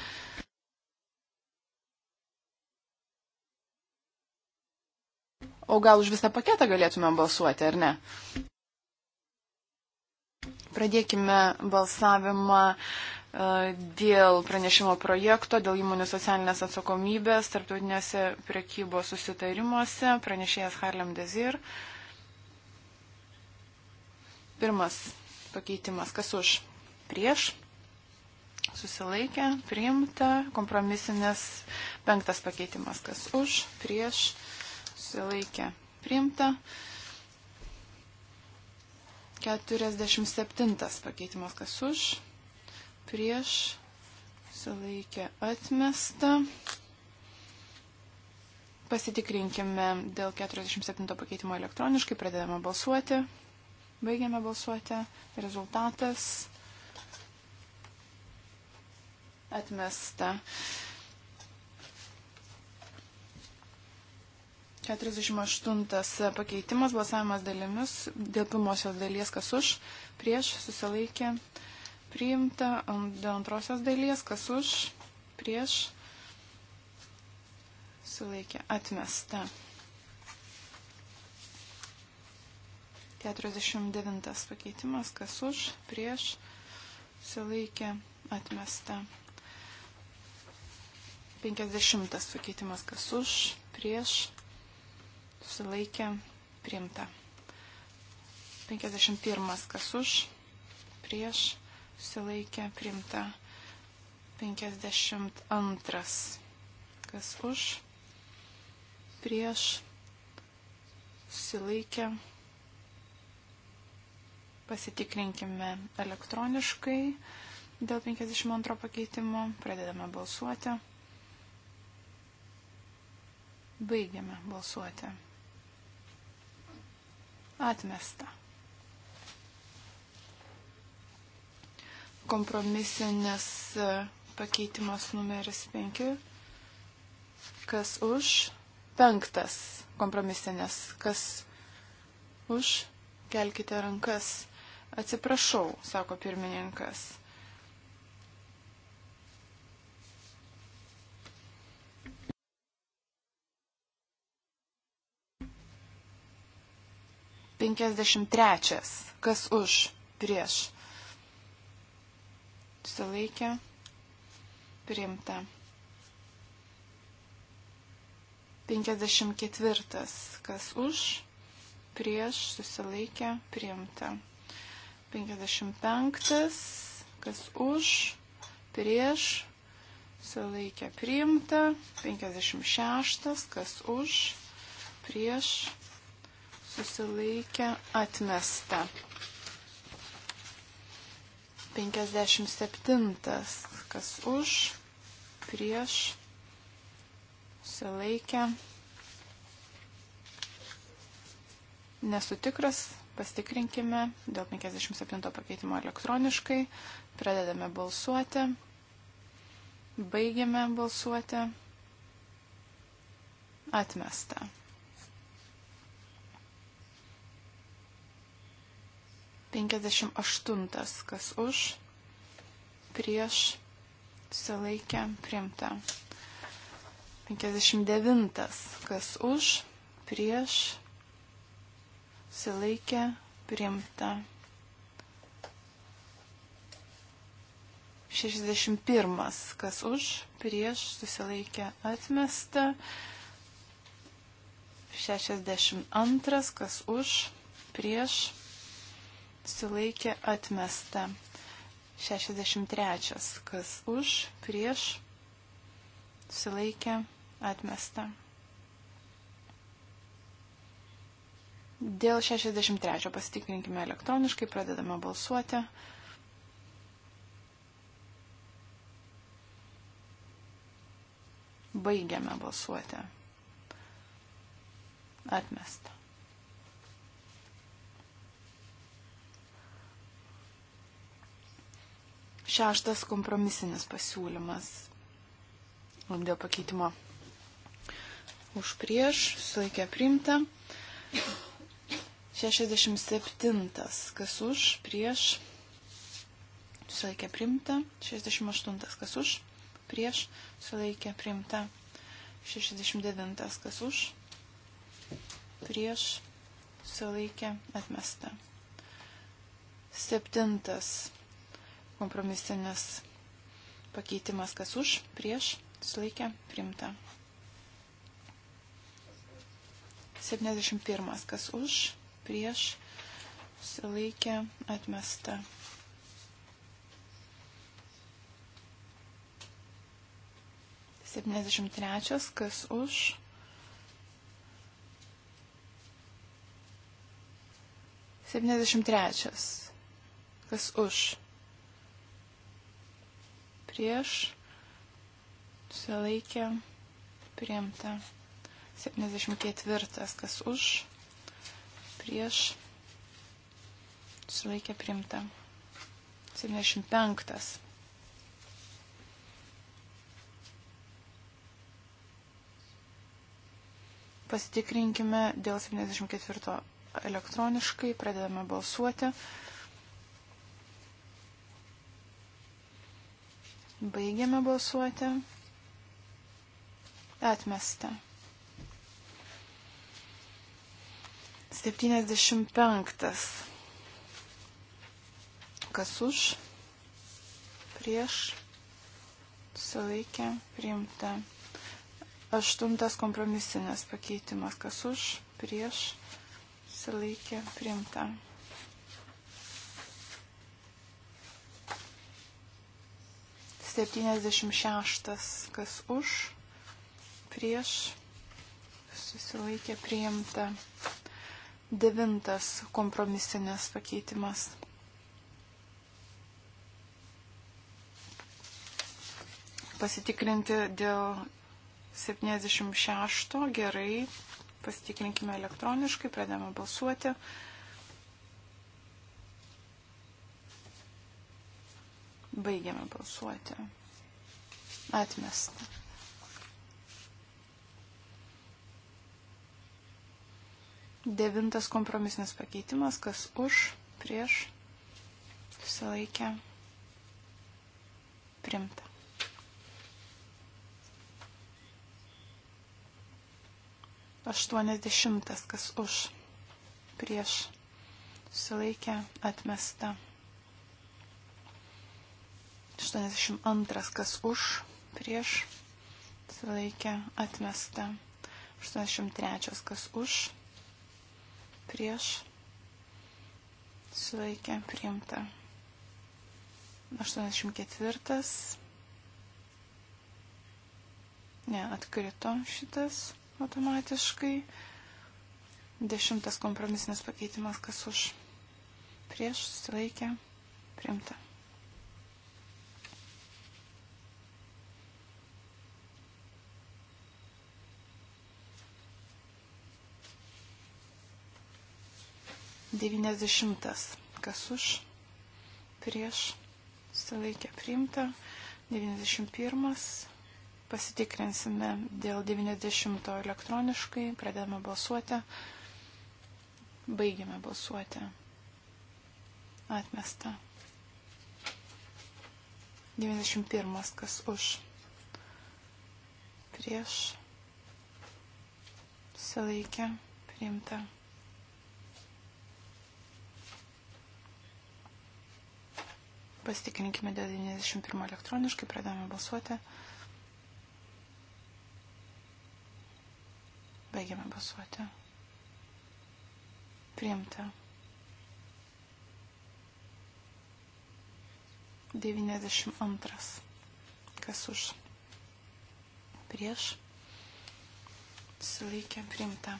O gal už visą paketą galėtume balsuoti, ar ne? Pradėkime balsavimą e, dėl pranešimo projekto, dėl įmonių socialinės atsakomybės tarptautinėse priekybos susitarimuose, pranešėjas Harlem Desir. Pirmas pakeitimas, kas už prieš, susilaikė, priimta, kompromisinės penktas pakeitimas, kas už prieš, susilaikė, priimta. Uh, 47 pakeitimas kas už, prieš, sulaikė atmesta. Pasitikrinkime dėl 47 pakeitimo elektroniškai, pradedame balsuoti, baigiame balsuoti, rezultatas atmesta. 48 pakeitimas, balsavimas dalimis, dėl pirmosios dalies kas už, prieš susilaikė priimta, um, dėl antrosios dalies kas už, prieš susilaikė atmesta. 49 pakeitimas, kas už, prieš susilaikė atmesta. 50 pakeitimas, kas už, prieš susilaikė, priimta. 51 kas už, prieš, susilaikė, priimta. 52 kas už, prieš, susilaikė. Pasitikrinkime elektroniškai dėl 52 pakeitimo. Pradedame balsuoti. Baigiame balsuoti. Atmesta. Kompromisinis e, pakeitimas numeris 5. Kas už? Penktas kompromisinės. Kas už? Kelkite rankas. Atsiprašau, sako pirmininkas. 53. Kas už? Prieš. Susilaikė. Priimta. 54. Kas už? Prieš. Susilaikė. Priimta. 55. Kas už? Prieš. Susilaikė. Priimta. 56. Kas už? Prieš susilaikė atmesta. 57. Kas už, prieš, susilaikė. Nesu tikras, pasitikrinkime dėl 57 pakeitimo elektroniškai. Pradedame balsuoti. Baigiame balsuoti. Atmesta. 58. Kas už, prieš, susilaikė, priimta. 59. Kas už, prieš, susilaikė, priimta. 61. Kas už, prieš, susilaikė, atmesta. 62. Kas už, prieš, susilaikė atmesta. 63. Kas už, prieš, susilaikė atmesta. Dėl 63 pasitikrinkime elektroniškai, pradedame balsuoti. Baigiame balsuoti. Atmesta. Šeštas kompromisinis pasiūlymas dėl pakeitimo. Už prieš, sulaikė priimta. 67. Kas už, prieš, sulaikė priimta. 68. Kas už, prieš, sulaikė priimta. 69. Kas už, prieš, sulaikė atmesta. 7 Kompromisinis pakeitimas kas už, prieš, sulaikė, primta. 71. Kas už, prieš, sulaikė, atmesta. Septyniasdešimt trečias, kas už. Septyniasdešimt trečias, kas už prieš, susilaikė, priimta. 74. Kas už, prieš, susilaikė, priimta. 75. Pasitikrinkime dėl 74 elektroniškai, pradedame balsuoti. Baigiame balsuoti. Atmesta. 75. Kas už? Prieš? Susilaikė? Priimta. Aštuntas kompromisinės pakeitimas. Kas už? Prieš? Susilaikė? Priimta. 76. Kas už, prieš, susilaikė priimta. Devintas kompromisinės pakeitimas. Pasitikrinti dėl 76. Gerai. Pasitikrinkime elektroniškai, pradėjome balsuoti. 76. Baigiame balsuoti. Atmesta. Devintas kompromisinis pakeitimas, kas už, prieš, susilaikę, primta. Aštuonesdešimtas, kas už, prieš, susilaikę, atmesta. 82 kas už, prieš, susilaikė, atmesta. 83 kas už, prieš, susilaikė, priimta. 84 ne, atkrito šitas automatiškai. Dešimtas kompromisinis pakeitimas, kas už prieš susilaikę, primta. 90. Kas už? Prieš. Susilaikė priimta. 91. Pasitikrinsime dėl 90 elektroniškai. Pradedame balsuoti. Baigiame balsuoti. Atmesta. 91. Kas už? Prieš. Susilaikė. Priimta. Pasitikrinkime dėl 91 elektroniškai, pradėjome balsuoti. Baigiame balsuoti. Priimta. 92. Kas už? Prieš. Sulaikė priimta.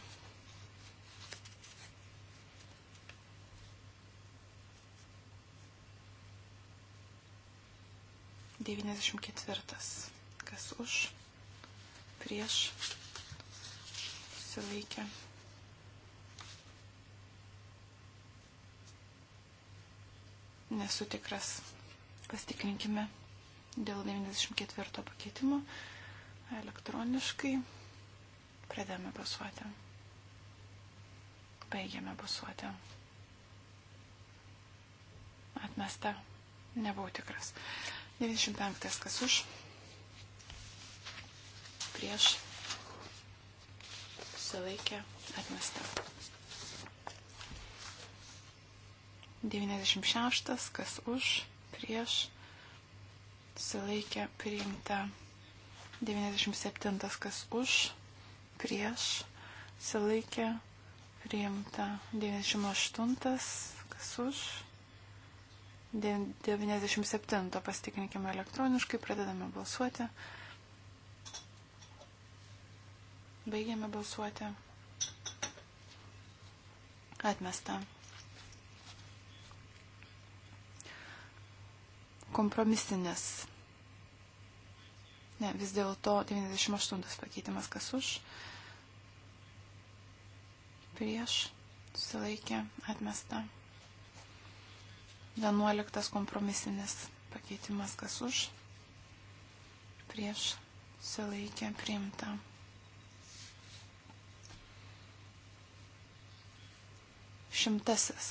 94. Kas už, prieš, susilaikė. Nesu tikras. Pastikrinkime dėl 94 pakeitimo elektroniškai. Pradėjome pasuoti. Baigėme pasuoti. Atmesta. Nebuvau tikras. 95. Kas už? Prieš. Susilaikė. Atmesta. 96. Kas už? Prieš. Susilaikė. Priimta. 97. Kas už? Prieš. Susilaikė. Priimta. 98. Kas už? 97 pasitikrinkime elektroniškai, pradedame balsuoti. Baigiame balsuoti. Atmesta. Kompromisinis. Ne, vis dėlto 98 pakeitimas kas už. Prieš. Sulaikė. Atmesta. 11 kompromisinis pakeitimas, kas už, prieš sulaikę priimta. Šimtasis,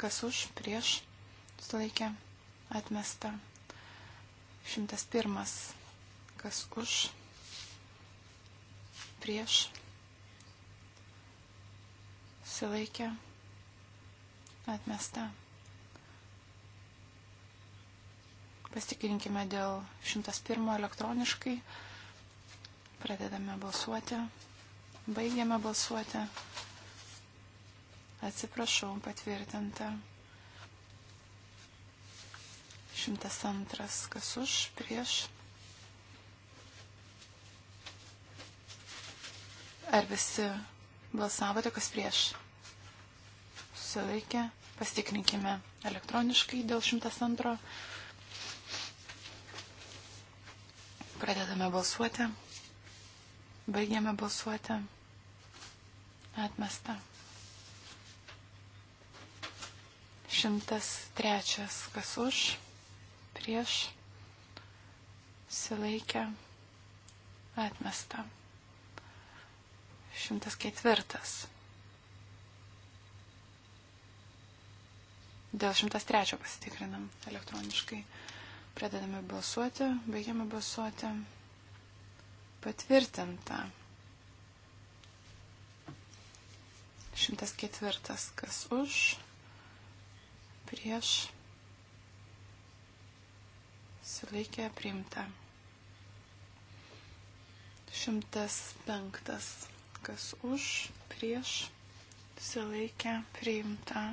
kas už, prieš sulaikę atmesta. Šimtas pirmas, kas už, prieš sulaikę atmesta. Pasitikrinkime dėl 101 elektroniškai. Pradedame balsuoti. Baigiame balsuoti. Atsiprašau, patvirtinta. 102. Kas už, prieš. Ar visi balsavote, kas prieš? Susilaikė. Pastikrinkime elektroniškai dėl 102. Pradedame balsuoti. Baigiame balsuoti. Atmesta. 103. Kas už? Prieš. Silaikę. Atmesta. 104. Dėl 103 pasitikrinam elektroniškai. Pradedame balsuoti, baigiame balsuoti. Patvirtinta. 104. Kas už? Prieš. Sulaikė priimta. 105. Kas už? Prieš. Sulaikė priimta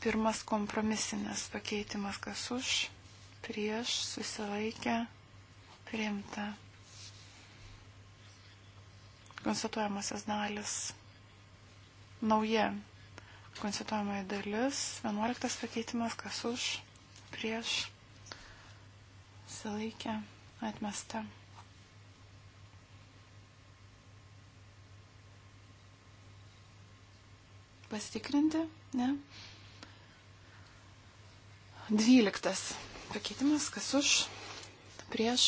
pirmas kompromisinis pakeitimas, kas už, prieš susilaikę priimta. Konstatuojamasis dalis. Nauja konstatuojamoji dalis. 11 pakeitimas, kas už, prieš, susilaikę, atmesta. Pasitikrinti, ne? Dvyliktas pakeitimas, kas už, prieš,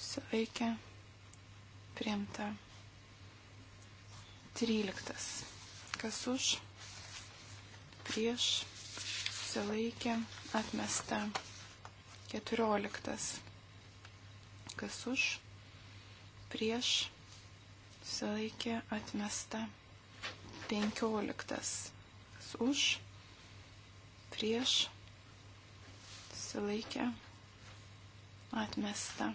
suveikė, priimta. 13. Kas už, prieš, suveikė, atmesta. 14. Kas už, prieš, suveikė, atmesta. 15. Kas už, prieš, susilaikė, atmesta.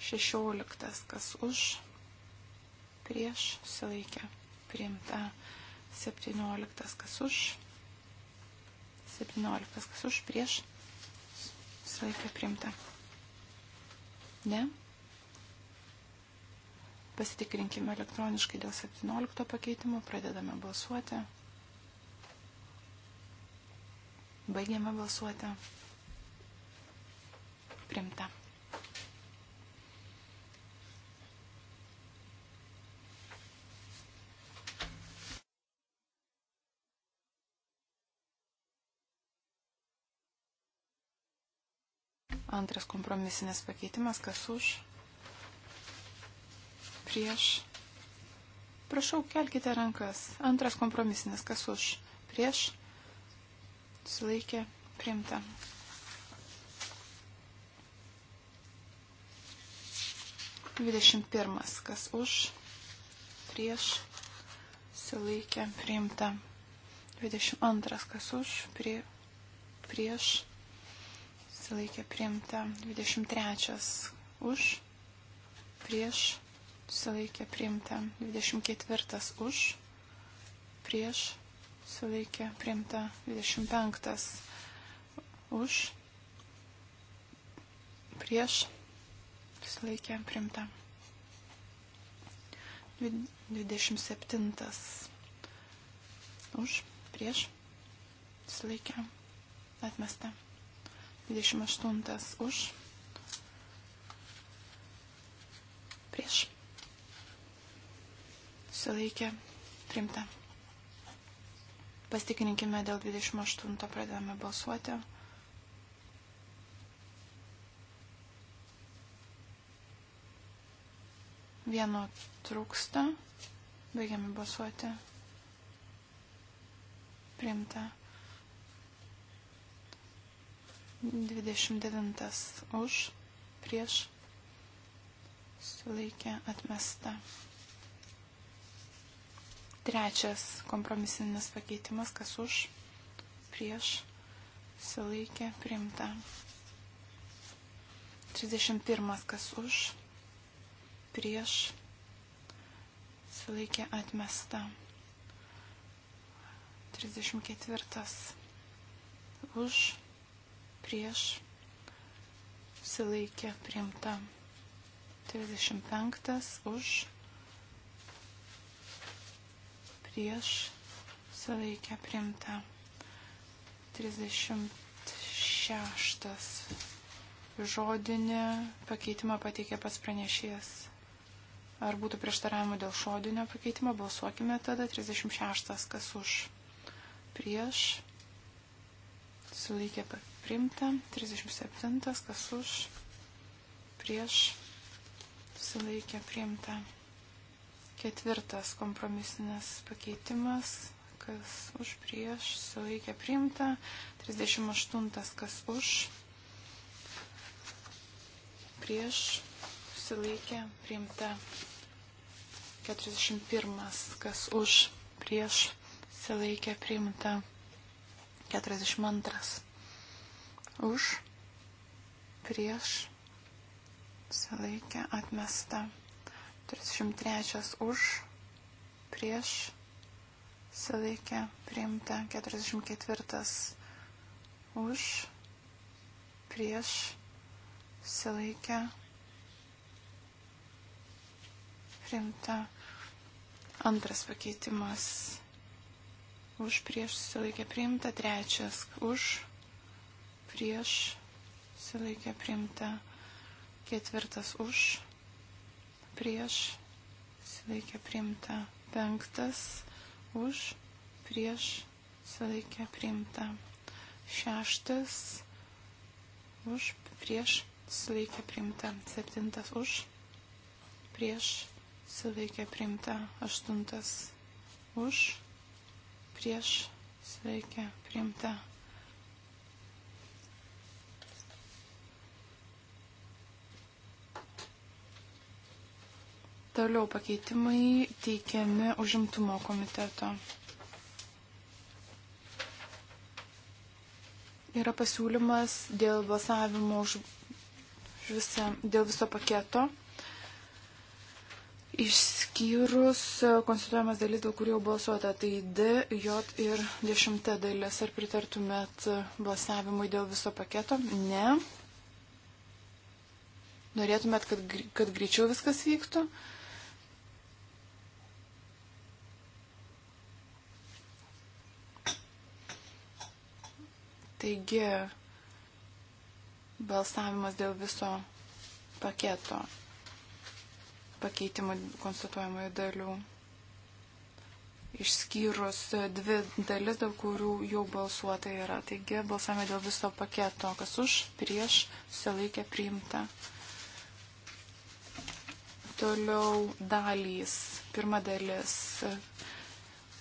Šešioliktas, kas už, prieš, susilaikė, priimta. Septynioliktas, kas už, septynioliktas, kas už, prieš, susilaikė, priimta. Ne? Pasitikrinkime elektroniškai dėl 17 pakeitimo, pradedame balsuoti. Baigiame balsuoti. Primta. Antras kompromisinės pakeitimas, kas už, prieš. Prašau, kelkite rankas. Antras kompromisinės, kas už, prieš sulaikė, primta. Dvidešimt pirmas, kas už, prieš, sulaikė, priimta. Dvidešimt antras, kas už, prie, prieš, sulaikė, priimta. Dvidešimt trečias, už, prieš, sulaikė, priimta. Dvidešimt ketvirtas, už, prieš, sulaikė priimta 25 už, prieš sulaikė priimta 27 už, prieš sulaikė atmesta 28 už, prieš sulaikė priimta Pastikrinkime dėl 28, pradedame balsuoti. Vieno trūksta, baigiame balsuoti. Priimta. 29 už, prieš, sulaikė, atmesta. Trečias kompromisinis pakeitimas, kas už, prieš, susilaikė, priimta. 31. Kas už, prieš, susilaikė, atmesta. 34. Už, prieš, susilaikė, priimta. 35. Už, prieš prieš sulaikę primta. 36. Žodinį pakeitimą pateikė pats pranešėjas. Ar būtų prieštaravimų dėl žodinio pakeitimo, balsuokime tada 36. Kas už? Prieš. Sulaikė primta. 37. Kas už? Prieš. Sulaikė primta. Ketvirtas kompromisinis pakeitimas, kas už prieš, sulaikė priimta. 38, kas už, prieš, sulaikė priimta. 41, kas už, prieš, sulaikė priimta. 42, už, prieš, sulaikė atmesta. 33 už, prieš, sulaikė, priimta, 44 už, prieš, sulaikė, priimta, antras pakeitimas, už, prieš, sulaikė, priimta, trečias, už, prieš, sulaikė, priimta, ketvirtas už prieš susilaikė priimta. Penktas už prieš susilaikė priimta. Šeštas už prieš susilaikė priimta. Septintas už prieš susilaikė priimta. Aštuntas už prieš susilaikė priimta. Toliau pakeitimai teikiami užimtumo komiteto. Yra pasiūlymas dėl balsavimo už, už visą, dėl viso paketo, išskyrus konstituojamas dalis, dėl kurių jau balsuota, tai D, J ir 10 dalis. Ar pritartumėt balsavimui dėl viso paketo? Ne. Norėtumėt, kad, kad greičiau viskas vyktų? Uh, Taigi, balsavimas dėl viso paketo pakeitimų konstatuojamųjų dalių, išskyrus dvi dalis, dėl kurių jau balsuota yra. Taigi, balsavime dėl viso paketo, kas už, prieš, susilaikė priimta. Toliau dalys. Pirma dalis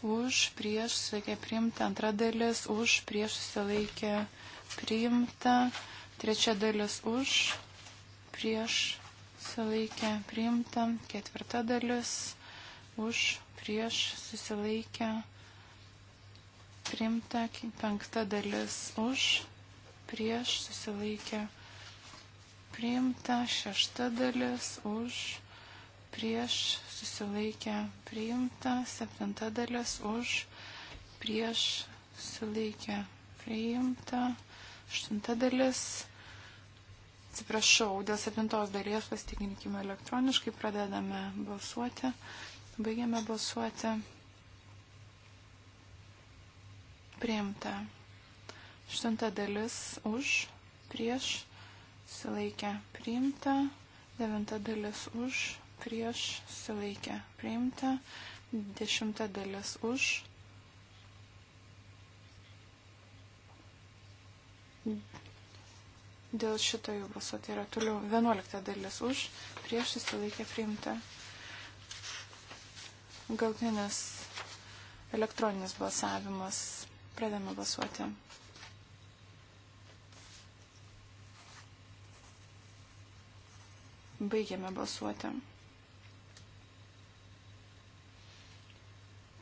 už, prieš, susilaikė priimta. Antra dalis už, prieš, susilaikė priimta. Trečia dalis už, prieš, susilaikė priimta. Ketvirta dalis už, prieš, susilaikė priimta. Penkta dalis už, prieš, susilaikė priimta. Šešta dalis už, prieš prieš susilaikę priimta, septinta dalis už prieš susilaikę priimta, aštunta dalis. Atsiprašau, dėl septintos dalies pasitikinkime elektroniškai, pradedame balsuoti, baigiame balsuoti. Priimta. Aštunta dalis už, prieš, susilaikę priimta, devinta dalis už, prieš sulaikę priimta, dešimta dalis už, dėl šito jų bus, tai yra toliau 11 dalis už, prieš susilaikė priimta. Galtinis elektroninis balsavimas, pradame balsuoti. Baigiame balsuoti.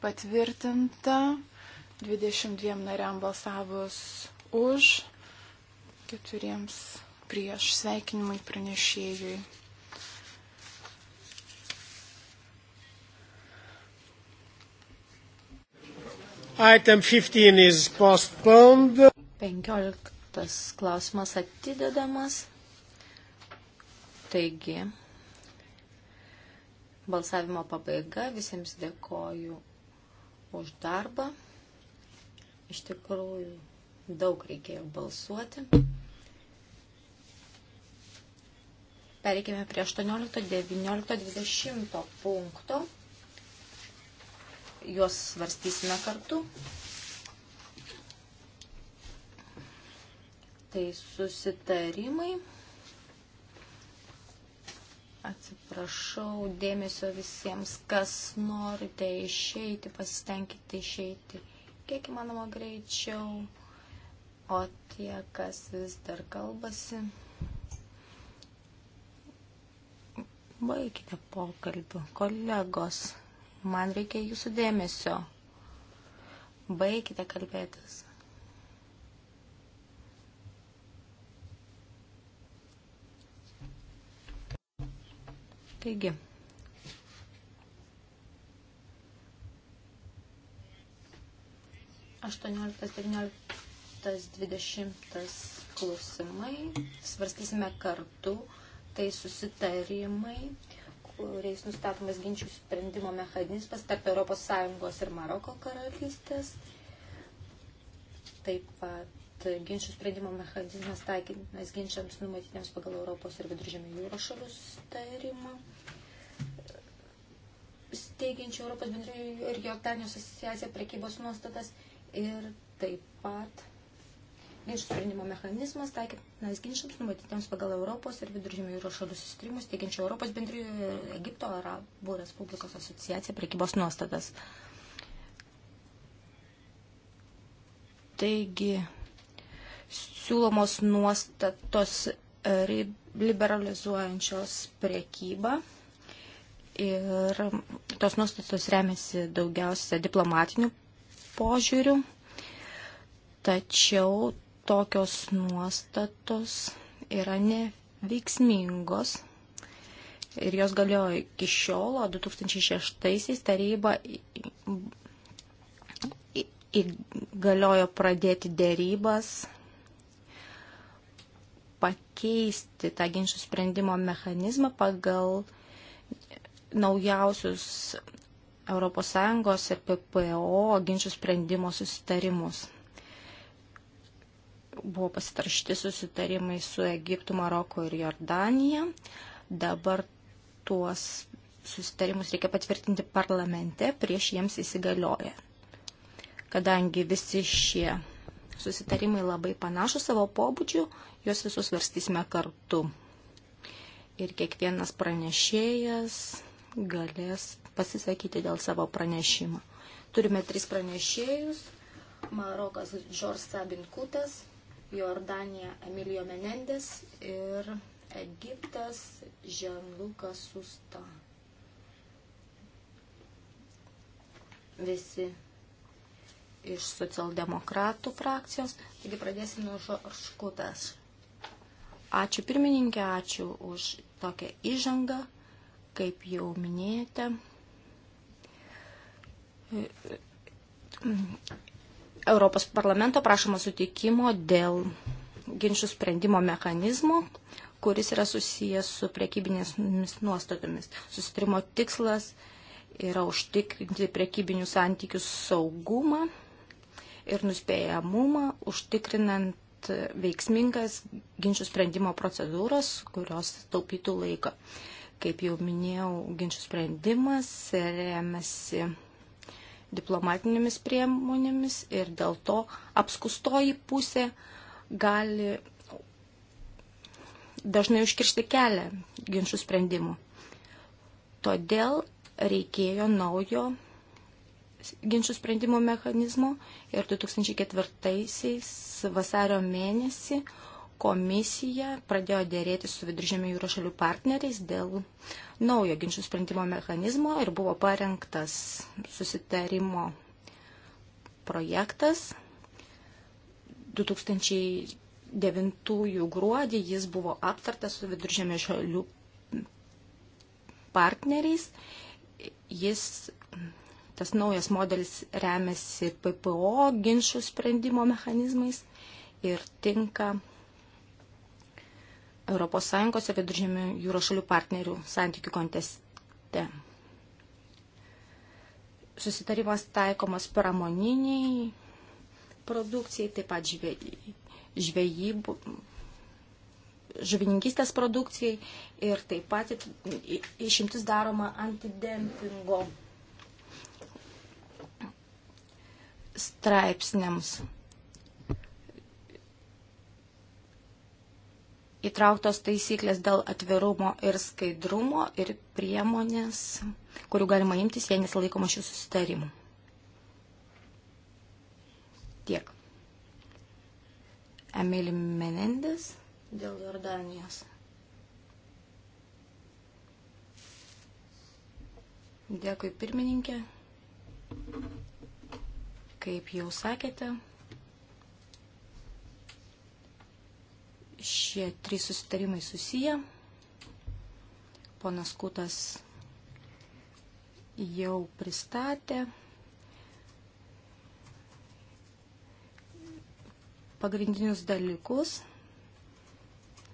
patvirtinta, 22 nariam balsavus už, 4 prieš sveikinimai pranešėjui. Item 15 is postponed. 15 klausimas atidedamas. Taigi, balsavimo pabaiga. Visiems dėkoju už darbą. Iš tikrųjų daug reikėjo balsuoti. Pereikime prie 18, 19, 20 punkto. Juos svarstysime kartu. Tai susitarimai. Atsiprašau dėmesio visiems, kas norite išeiti, pasitenkite išeiti kiek įmanoma greičiau. O tie, kas vis dar kalbasi, baigite pokalbį. Kolegos, man reikia jūsų dėmesio. Baikite kalbėtis. Taigi. Aštuonioliktas, devynioliktas, dvidešimtas klausimai. Svarstysime kartu. Tai susitarimai, kuriais nustatomas ginčių sprendimo mechanizmas tarp ES ir Maroko karalystės. Taip pat ginčių sprendimo mechanizmas taikytinas ginčiams numatytiems pagal Europos ir Viduržėmio jūros šalių sustarimą steigiančių Europos bendrijų ir Jordanijos asociaciją prekybos nuostatas ir taip pat ginčių sprendimo mechanizmas taikytinas ginčiams numatytiems pagal Europos ir Viduržėmio jūros šalių sustrimus, teikiančių Europos bendrijų ir Egipto Arabų Respublikos asociacija prekybos nuostatas. Taigi, siūlomos nuostatos e, liberalizuojančios priekybą. Ir tos nuostatos remiasi daugiausia diplomatiniu požiūriu, tačiau tokios nuostatos yra neveiksmingos ir jos galiojo iki šiol, o 2006-aisiais taryba įgaliojo pradėti dėrybas pakeisti tą ginčių sprendimo mechanizmą pagal naujausius ES ir PPO ginčių sprendimo susitarimus. Buvo pasitaršti susitarimai su Egiptu, Maroku ir Jordanija. Dabar tuos susitarimus reikia patvirtinti parlamente prieš jiems įsigalioję. Kadangi visi šie susitarimai labai panašų savo pobūdžių, juos visus varstysime kartu. Ir kiekvienas pranešėjas galės pasisakyti dėl savo pranešimą. Turime tris pranešėjus. Marokas Džors Sabinkutas, Jordanija Emilio Menendės ir Egiptas Žanlukas Susta. Visi iš socialdemokratų frakcijos. Taigi pradėsime nuo Žorškutas. Ačiū pirmininkė, ačiū už tokią įžangą, kaip jau minėjote. Europos parlamento prašoma sutikimo dėl ginčių sprendimo mechanizmo, kuris yra susijęs su priekybinėmis nuostatomis. Susitrimo tikslas yra užtikrinti priekybinių santykių saugumą ir nuspėjamumą, užtikrinant veiksmingas ginčių sprendimo procedūras, kurios taupytų laiką. Kaip jau minėjau, ginčių sprendimas remiasi diplomatinėmis priemonėmis ir dėl to apskustoji pusė gali dažnai užkirsti kelią ginčių sprendimu. Todėl reikėjo naujo ginčių sprendimo mechanizmo ir 2004 vasario mėnesį komisija pradėjo dėrėti su viduržėmio jūros šalių partneriais dėl naujo ginčių sprendimo mechanizmo ir buvo parengtas susitarimo projektas. 2009 gruodį jis buvo aptartas su viduržėmio šalių partneriais. Jis tas naujas modelis remiasi PPO ginčių sprendimo mechanizmais ir tinka ES ir viduržėmių jūros šalių partnerių santykių konteste. Susitarimas taikomas pramoniniai produkcijai, taip pat žvejybų, žuvininkystės produkcijai ir taip pat išimtis daroma antidempingo straipsniams. Įtrauktos taisyklės dėl atvirumo ir skaidrumo ir priemonės, kurių galima imtis, jei nesilaikoma šių susitarimų. Tiek. Emilį Menendis dėl Jordanijos. Dėkui pirmininkė. Kaip jau sakėte, šie trys susitarimai susiję. Ponas Kutas jau pristatė pagrindinius dalykus,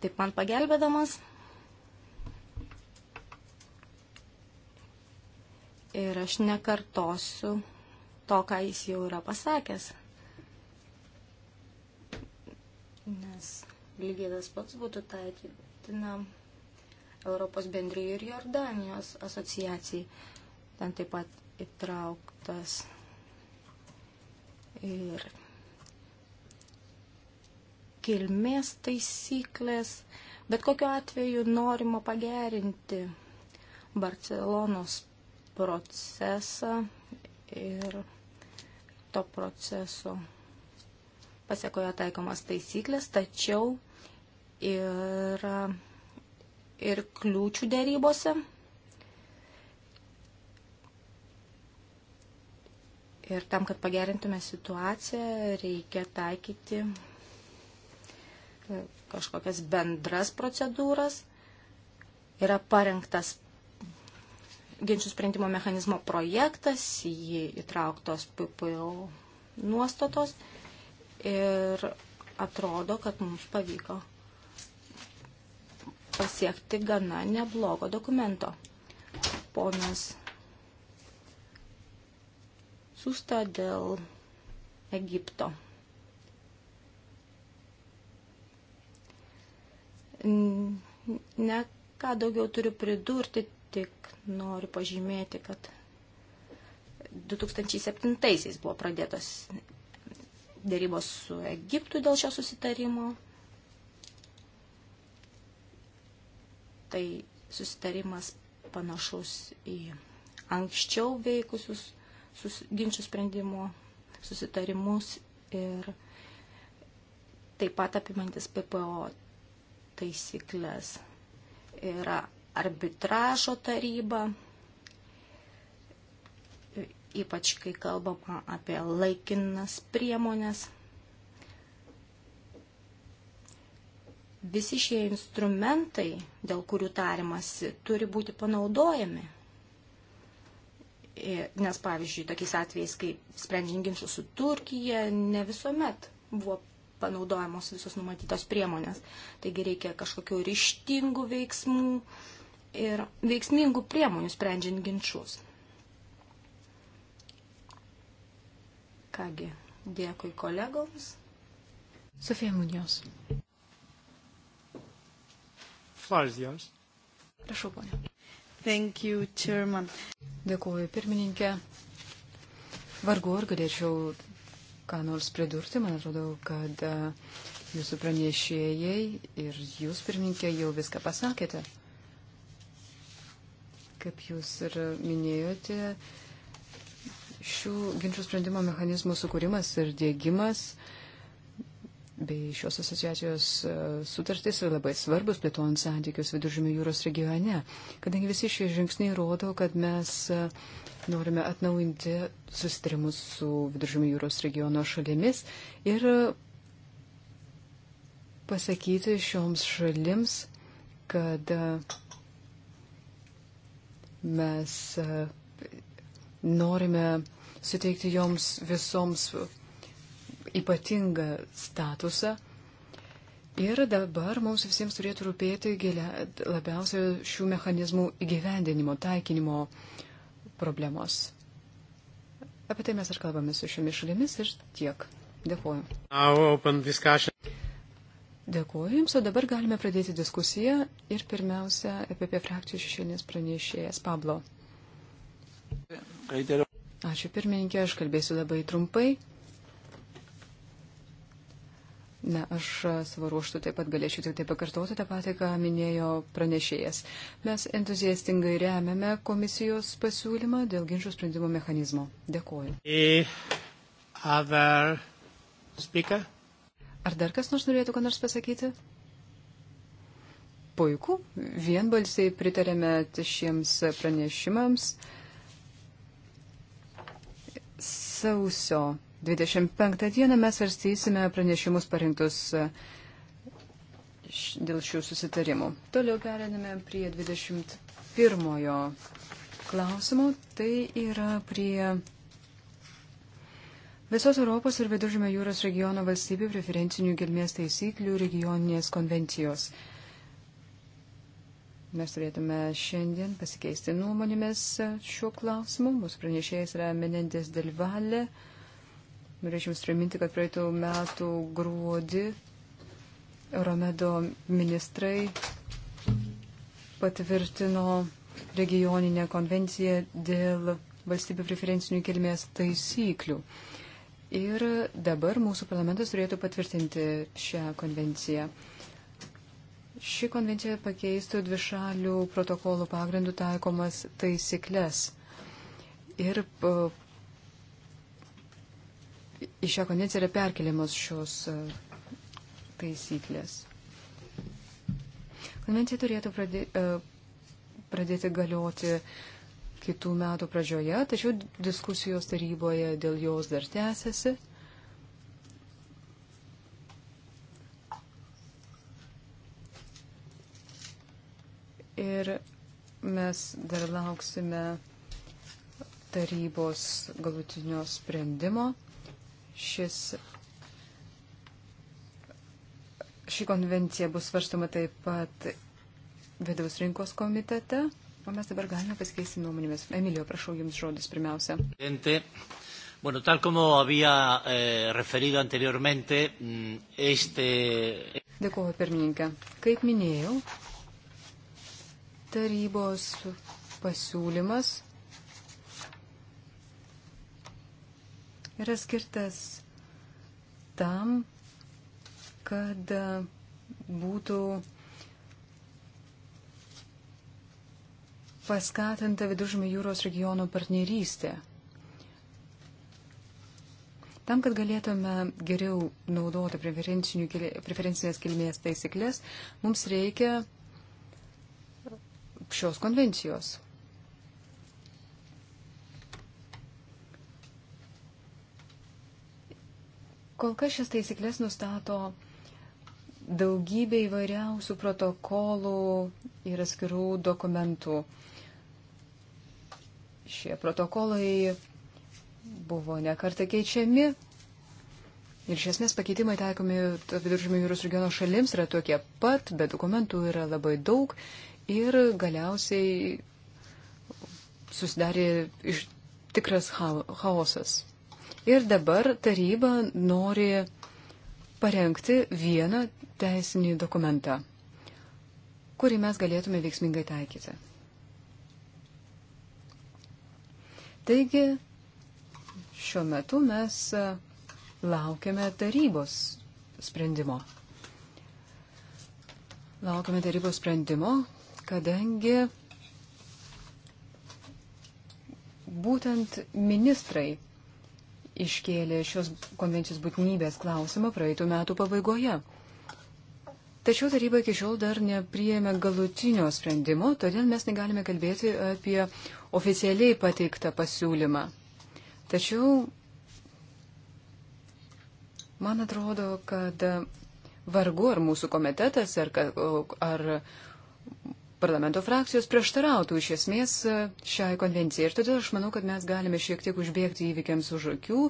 taip man pagelbėdamas. Ir aš nekartosiu to, ką jis jau yra pasakęs. Nes lygiai tas pats būtų taikytina Europos bendrijų ir Jordanijos asociacijai. Ten taip pat įtrauktas ir kilmės taisyklės, bet kokiu atveju norima pagerinti Barcelonos procesą ir to proceso pasiekoje taikomas taisyklės, tačiau yra ir kliūčių dėrybose. Ir tam, kad pagerintume situaciją, reikia taikyti e, kažkokias bendras procedūras. Yra parengtas ginčių sprendimo mechanizmo projektas, jį įtrauktos PPO nuostatos ir atrodo, kad mums pavyko pasiekti gana neblogo dokumento. Ponas Susta dėl Egipto. Ne ką daugiau turiu pridurti, tik noriu pažymėti, kad 2007-aisiais buvo pradėtos dėrybos su Egiptu dėl šio susitarimo. Tai susitarimas panašus į anksčiau veikusius sus, ginčių sprendimo susitarimus ir taip pat apimantis PPO taisyklės yra arbitražo taryba, ypač kai kalbama apie laikinas priemonės. Visi šie instrumentai, dėl kurių tarimasi, turi būti panaudojami. Nes, pavyzdžiui, tokiais atvejais, kai sprendžiant ginčius su Turkija, ne visuomet buvo panaudojamos visos numatytos priemonės. Taigi reikia kažkokių ryštingų veiksmų, ir veiksmingų priemonių sprendžiant ginčius. Kągi, dėkui kolegoms. Sofija Munijos. Flarzijos. Prašau, ponia. Thank you, chairman. Dėkuoju, pirmininkė. Vargu ar galėčiau ką nors pridurti, man atrodo, kad jūsų pranešėjai ir jūs, pirmininkė, jau viską pasakėte. Kaip jūs ir minėjote, šių ginčių sprendimo mechanizmų sukūrimas ir dėgymas bei šios asociacijos e, sutartys yra labai svarbus plėtojant santykius Viduržymio jūros regione, kadangi visi šie žingsniai rodo, kad mes e, norime atnaujinti susitarimus su Viduržymio jūros regiono šalimis ir pasakyti šioms šalims, kad e, Mes e, norime suteikti joms visoms ypatingą statusą. Ir dabar mums visiems turėtų rūpėti gilia, labiausia šių mechanizmų įgyvendinimo, taikinimo problemos. Apie tai mes ir kalbame su šiomis šalimis ir tiek. Dėkuoju. Dėkuoju Jums, o dabar galime pradėti diskusiją ir pirmiausia apie, apie frakcijų šešėlinės pranešėjas Pablo. Ačiū pirmininkė, aš kalbėsiu labai trumpai. Na, aš savo ruoštų taip pat galėčiau tik tai pakartoti tą patį, ką minėjo pranešėjas. Mes entuziastingai remiame komisijos pasiūlymą dėl ginčių sprendimo mechanizmo. Dėkuoju. Ar dar kas nors norėtų ką nors pasakyti? Puiku, vienbalsiai pritarėme šiems pranešimams. Sausio 25 dieną mes svarstysime pranešimus parinktus dėl šių susitarimų. Toliau periname prie 21 klausimo. Tai yra prie visos Europos ir Viduržymio jūros regiono valstybių preferencinių gelmės taisyklių regioninės konvencijos. Mes turėtume šiandien pasikeisti nuomonėmis šiuo klausimu. Mūsų pranešėjas yra Menendės Delvalė. Norėčiau jums priminti, kad praeitų metų gruodį Euromedo ministrai patvirtino regioninę konvenciją dėl valstybių preferencinių kilmės taisyklių. Ir dabar mūsų parlamentas turėtų patvirtinti šią konvenciją. Ši konvencija pakeistų dvišalių protokolų pagrindų taikomas taisyklės. Ir į šią konvenciją yra perkeliamas šios e, taisyklės. Konvencija turėtų pradėti, e, pradėti galioti kitų metų pradžioje, tačiau diskusijos taryboje dėl jos dar tęsiasi. Ir mes dar lauksime tarybos galutinio sprendimo. Šis ši konvencija bus svarstama taip pat vidaus rinkos komitete. O mes dabar galime pasikeisti nuomonėmis. Emilio, prašau Jums žodis pirmiausia. Bueno, tal como había eh, referido anteriormente, mm, este. Dėkuoju, pirmininkė. Kaip minėjau, tarybos pasiūlymas yra skirtas tam, kad būtų paskatinta Viduržmio jūros regiono partnerystė. Tam, kad galėtume geriau naudoti preferencinės kilmės taisyklės, mums reikia šios konvencijos. Kol kas šias taisyklės nustato daugybė įvairiausių protokolų ir atskirų dokumentų. Šie protokolai buvo nekarta keičiami. Ir iš esmės pakeitimai taikomi viduržymio jūros regiono šalims yra tokie pat, bet dokumentų yra labai daug. Ir galiausiai susidarė iš tikras chaosas. Ir dabar taryba nori parengti vieną teisinį dokumentą, kurį mes galėtume veiksmingai taikyti. Taigi, šiuo metu mes e, laukiame tarybos sprendimo. Laukiame tarybos sprendimo, kadangi būtent ministrai iškėlė šios konvencijos būtinybės klausimą praeitų metų pabaigoje. Tačiau taryba iki šiol dar nepriėmė galutinio sprendimo, todėl mes negalime kalbėti apie oficialiai pateiktą pasiūlymą. Tačiau man atrodo, kad vargu ar mūsų komitetas ar, ar parlamento frakcijos prieštarautų iš esmės šiai konvencijai. Ir todėl aš manau, kad mes galime šiek tiek užbėgti įvykiams už akių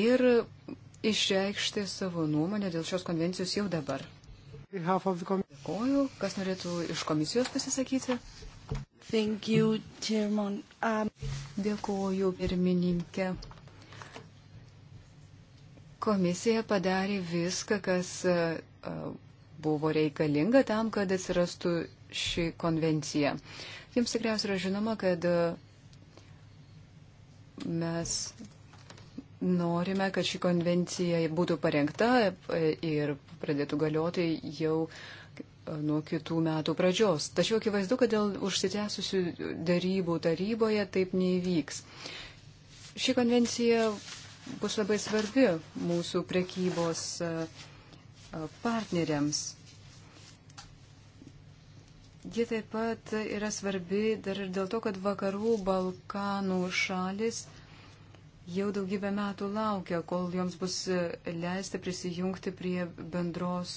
ir išreikšti savo nuomonę dėl šios konvencijos jau dabar. Dėkoju. Kas norėtų iš komisijos pasisakyti? Thank you, Chairman. Um... Dėkuoju, pirmininkė. Komisija padarė viską, kas e, e, buvo reikalinga tam, kad atsirastų ši konvencija. Jums tikriausiai yra žinoma, kad e, mes norime, kad ši konvencija būtų parengta ir pradėtų galioti jau nuo kitų metų pradžios. Tačiau akivaizdu, kad dėl užsitęsusių darybų taryboje taip neįvyks. Ši konvencija bus labai svarbi mūsų prekybos partneriams. Ji taip pat yra svarbi dar ir dėl to, kad vakarų Balkanų šalis jau daugybę metų laukia, kol joms bus leista prisijungti prie bendros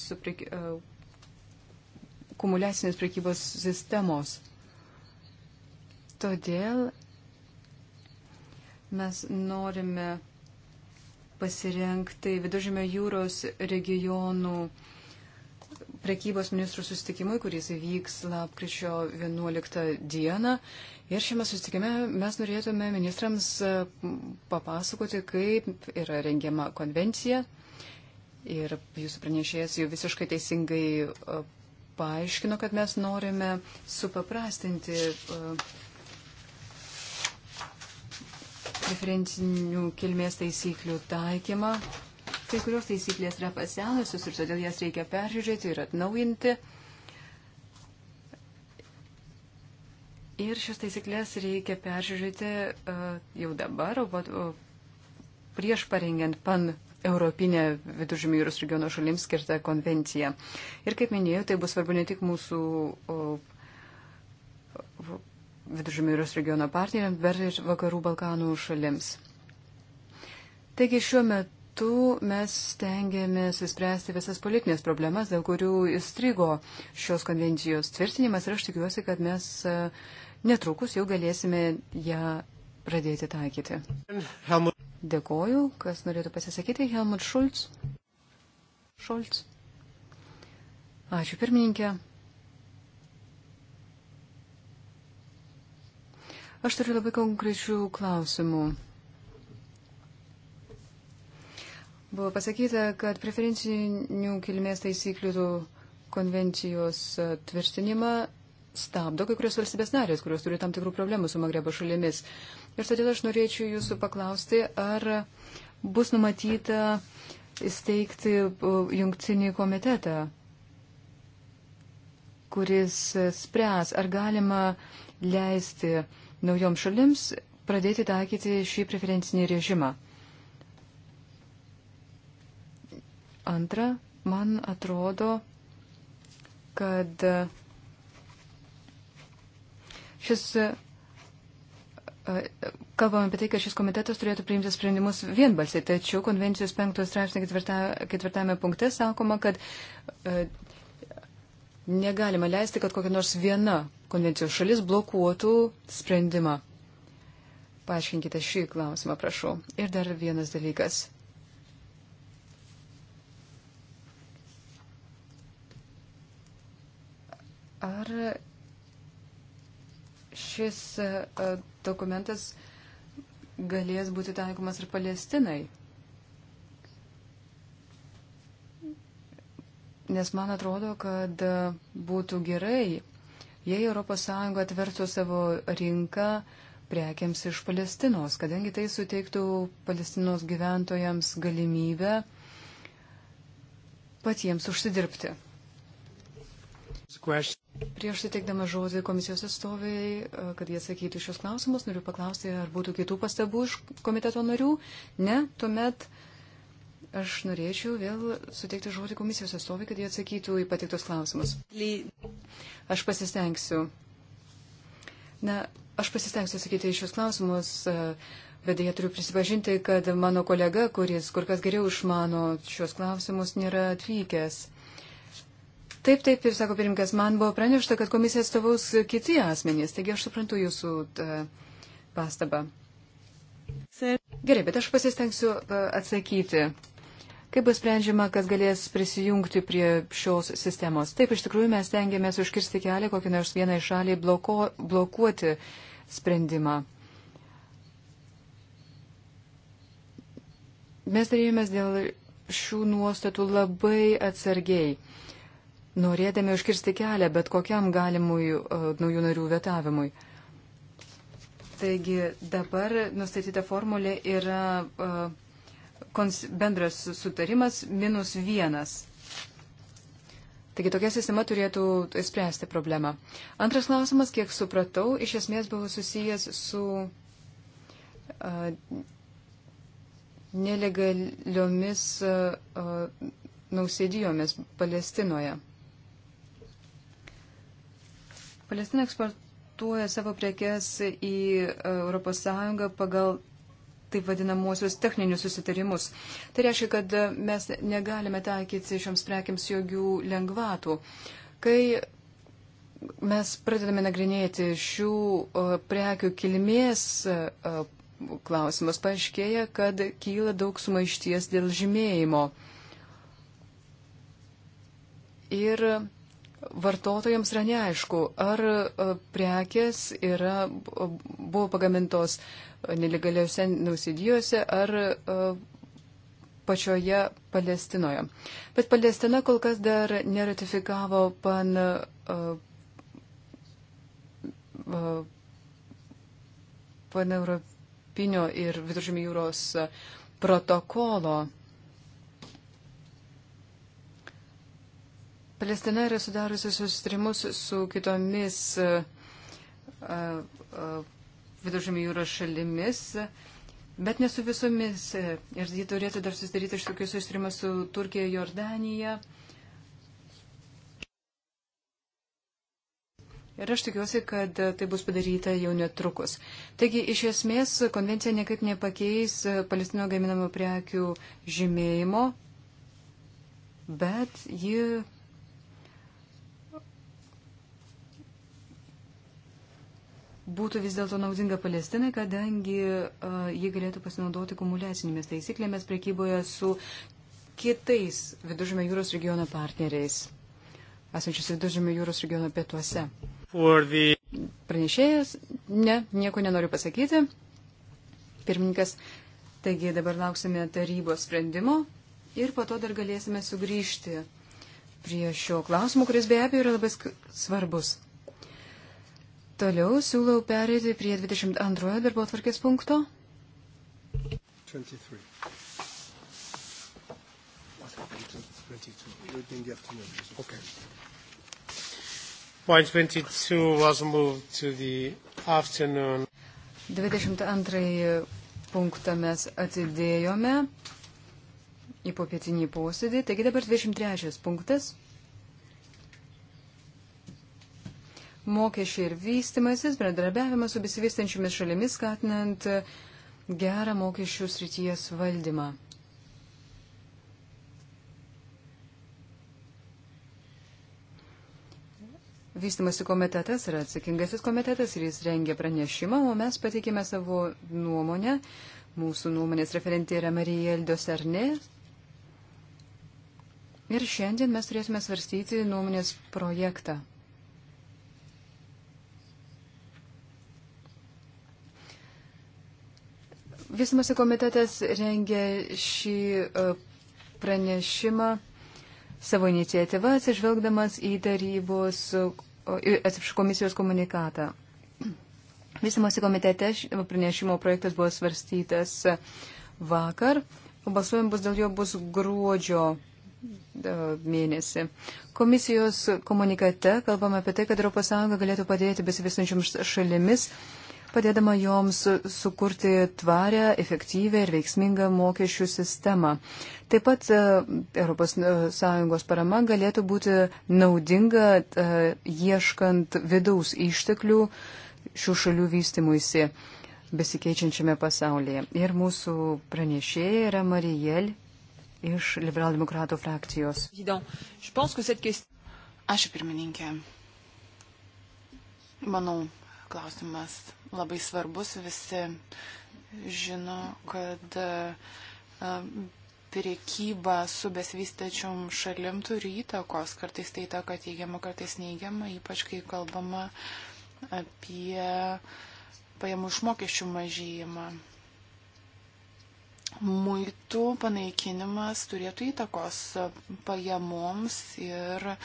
kumulacinės prekybos sistemos. Todėl mes norime pasirenkti Viduržėmio jūros regionų prekybos ministrų susitikimui, kuris įvyks lapkričio 11 dieną. Ir šiame susitikime mes norėtume ministrams e, papasakoti, kaip yra rengiama konvencija. Ir jūsų pranešėjas jau visiškai teisingai e, paaiškino, kad mes norime supaprastinti e, preferencinių kilmės taisyklių taikymą. Kai kurios taisyklės yra pasenusios ir todėl jas reikia peržiūrėti ir atnaujinti. Ir šios taisyklės reikia peržiūrėti uh, jau dabar, o, o prieš parengiant pan Europinė viduržymio jūros regiono šalims skirta konvencija. Ir kaip minėjau, tai bus svarbu ne tik mūsų viduržymio jūros regiono partneriams, bet ir vakarų Balkanų šalims. Taigi šiuo metu mes stengiamės įspręsti visas politinės problemas, dėl kurių įstrigo šios konvencijos tvirtinimas ir aš tikiuosi, kad mes e, netrukus jau galėsime ją pradėti taikyti. Helmut. Dėkoju. Kas norėtų pasisakyti? Helmut Šulc. Šulc. Ačiū pirmininkė. Aš turiu labai konkrečių klausimų. Buvo pasakyta, kad preferencinių kilmės taisyklių konvencijos tvirtinimą stabdo kai kurios valstybės narės, kurios turi tam tikrų problemų su Magrebo šalimis. Ir todėl aš norėčiau jūsų paklausti, ar bus numatyta įsteigti jungtinį komitetą, kuris spręs, ar galima leisti naujom šalims pradėti taikyti šį preferencinį režimą. Antra, man atrodo, kad šis kalbame apie tai, kad šis komitetas turėtų priimti sprendimus vienbalsiai, tačiau konvencijos penktojo straipsnio ketvirtame punkte sakoma, kad e, negalima leisti, kad kokia nors viena konvencijos šalis blokuotų sprendimą. Paaiškinkite šį klausimą, prašau. Ir dar vienas dalykas. Ar šis e, e, dokumentas galės būti taikomas ir Palestinai. Nes man atrodo, kad e, būtų gerai, jei ES atvertų savo rinką prekiams iš Palestinos, kadangi tai suteiktų Palestinos gyventojams galimybę patiems užsidirbti. Prieš suteikdama žodį komisijos atstoviai, e, kad jie atsakytų šios klausimus, noriu paklausti, ar būtų kitų pastabų iš komiteto narių. Ne, tuomet aš norėčiau vėl suteikti žodį komisijos atstoviai, kad jie atsakytų į patiktus klausimus. Aš pasistengsiu. Na, aš pasistengsiu atsakyti į šios klausimus. Uh, Bet jie turiu prisipažinti, kad mano kolega, kuris kur kas geriau išmano šios klausimus, nėra atvykęs. Taip, taip, ir sako pirmininkas, man buvo pranešta, kad komisija atstovaus kiti asmenys, taigi aš suprantu jūsų e, pastabą. Gerai, bet aš pasistengsiu e, atsakyti. Kaip bus sprendžiama, kas galės prisijungti prie šios sistemos? Taip, iš tikrųjų mes tengiamės užkirsti kelią kokį nors vieną iš šaliai bloko, blokuoti sprendimą. Mes darėjomės dėl šių nuostatų labai atsargiai norėdami užkirsti kelią bet kokiam galimui e, naujų narių vetavimui. Taigi dabar nustatyta formulė yra e, bendras sutarimas minus vienas. Taigi tokia sistema turėtų spręsti problemą. Antras klausimas, kiek supratau, iš esmės buvo susijęs su uh, nelegaliomis uh, nausėdijomis Palestinoje. Palestina eksportuoja savo prekes į ES pagal taip vadinamosius techninius susitarimus. Tai reiškia, kad e, mes negalime taikyti šioms prekiams jokių lengvatų. Kai mes pradedame nagrinėti šių e, prekių kilmės e, klausimus, paaiškėja, kad kyla daug sumaišties dėl žymėjimo. Ir vartotojams yra neaišku, ar e, prekės yra, e, buvo pagamintos nelegaliuose nusidijose ar e, pačioje Palestinoje. Bet Palestina kol kas dar neratifikavo pan paneuropinio ir viduržymį jūros protokolo. Palestina yra sudariusi susitarimus su kitomis e, e, e, viduržymį jūros šalimis, bet ne su visomis. Ir ji turėtų dar susidaryti iš tokių susitarimų su Turkija, Jordanija. Ir aš tikiuosi, kad tai bus padaryta jau netrukus. Taigi, iš esmės, konvencija niekaip nepakeis palestino gaminamų prekių žymėjimo, bet ji būtų vis dėlto naudinga Palestinai, kadangi uh, jie galėtų pasinaudoti kumuliacinėmis taisyklėmis prekyboje su kitais Viduržymio jūros regiono partneriais, esančius Viduržymio jūros regiono pietuose. The... Pranešėjas, ne, nieko nenoriu pasakyti. Pirmininkas, taigi dabar lauksime tarybos sprendimo ir po to dar galėsime sugrįžti prie šio klausimo, kuris be abejo yra labai svarbus. Toliau siūlau perėti prie 22 darbo atvarkės punkto. 23. 22. Okay. Point 22 was moved to the afternoon. 22 punktą mes atidėjome į popietinį posėdį. Taigi dabar 23 punktas. mokesčiai ir vystimasis, bendradarbiavimas su besivystančiomis šalimis, skatinant gerą mokesčių srities valdymą. Vystimasi komitetas yra atsakingasis komitetas ir jis rengia pranešimą, o mes pateikėme savo nuomonę. Mūsų nuomonės referentė yra Marija Eldos Arne. Ir šiandien mes turėsime svarstyti nuomonės projektą. Vysimosi komitetas rengia šį e, pranešimą savo iniciatyvą, atsižvelgdamas į tarybos, e, atsiprašau, komisijos komunikatą. Vysimosi komitete e, pranešimo projektas buvo svarstytas vakar, o balsuojam bus dėl jo bus gruodžio mėnesį. Komisijos komunikate kalbame apie tai, kad ES galėtų padėti besivystančiams šalimis padėdama joms sukurti tvarę, efektyvę ir veiksmingą mokesčių sistemą. Taip pat ES e, parama galėtų būti naudinga e, ieškant vidaus išteklių šių šalių vystimuisi besikeičiančiame pasaulyje. Ir mūsų pranešėja yra Marijel iš Liberaldemokratų frakcijos. Aš pirmininkė. Manau, klausimas labai svarbus. Visi žino, kad e, priekyba su besvystačiom šalim turi įtakos. Kartais tai įtaka teigiama, kartais neigiama, ypač kai kalbama apie pajamų išmokesčių mažėjimą. Muitų panaikinimas turėtų įtakos pajamoms ir e,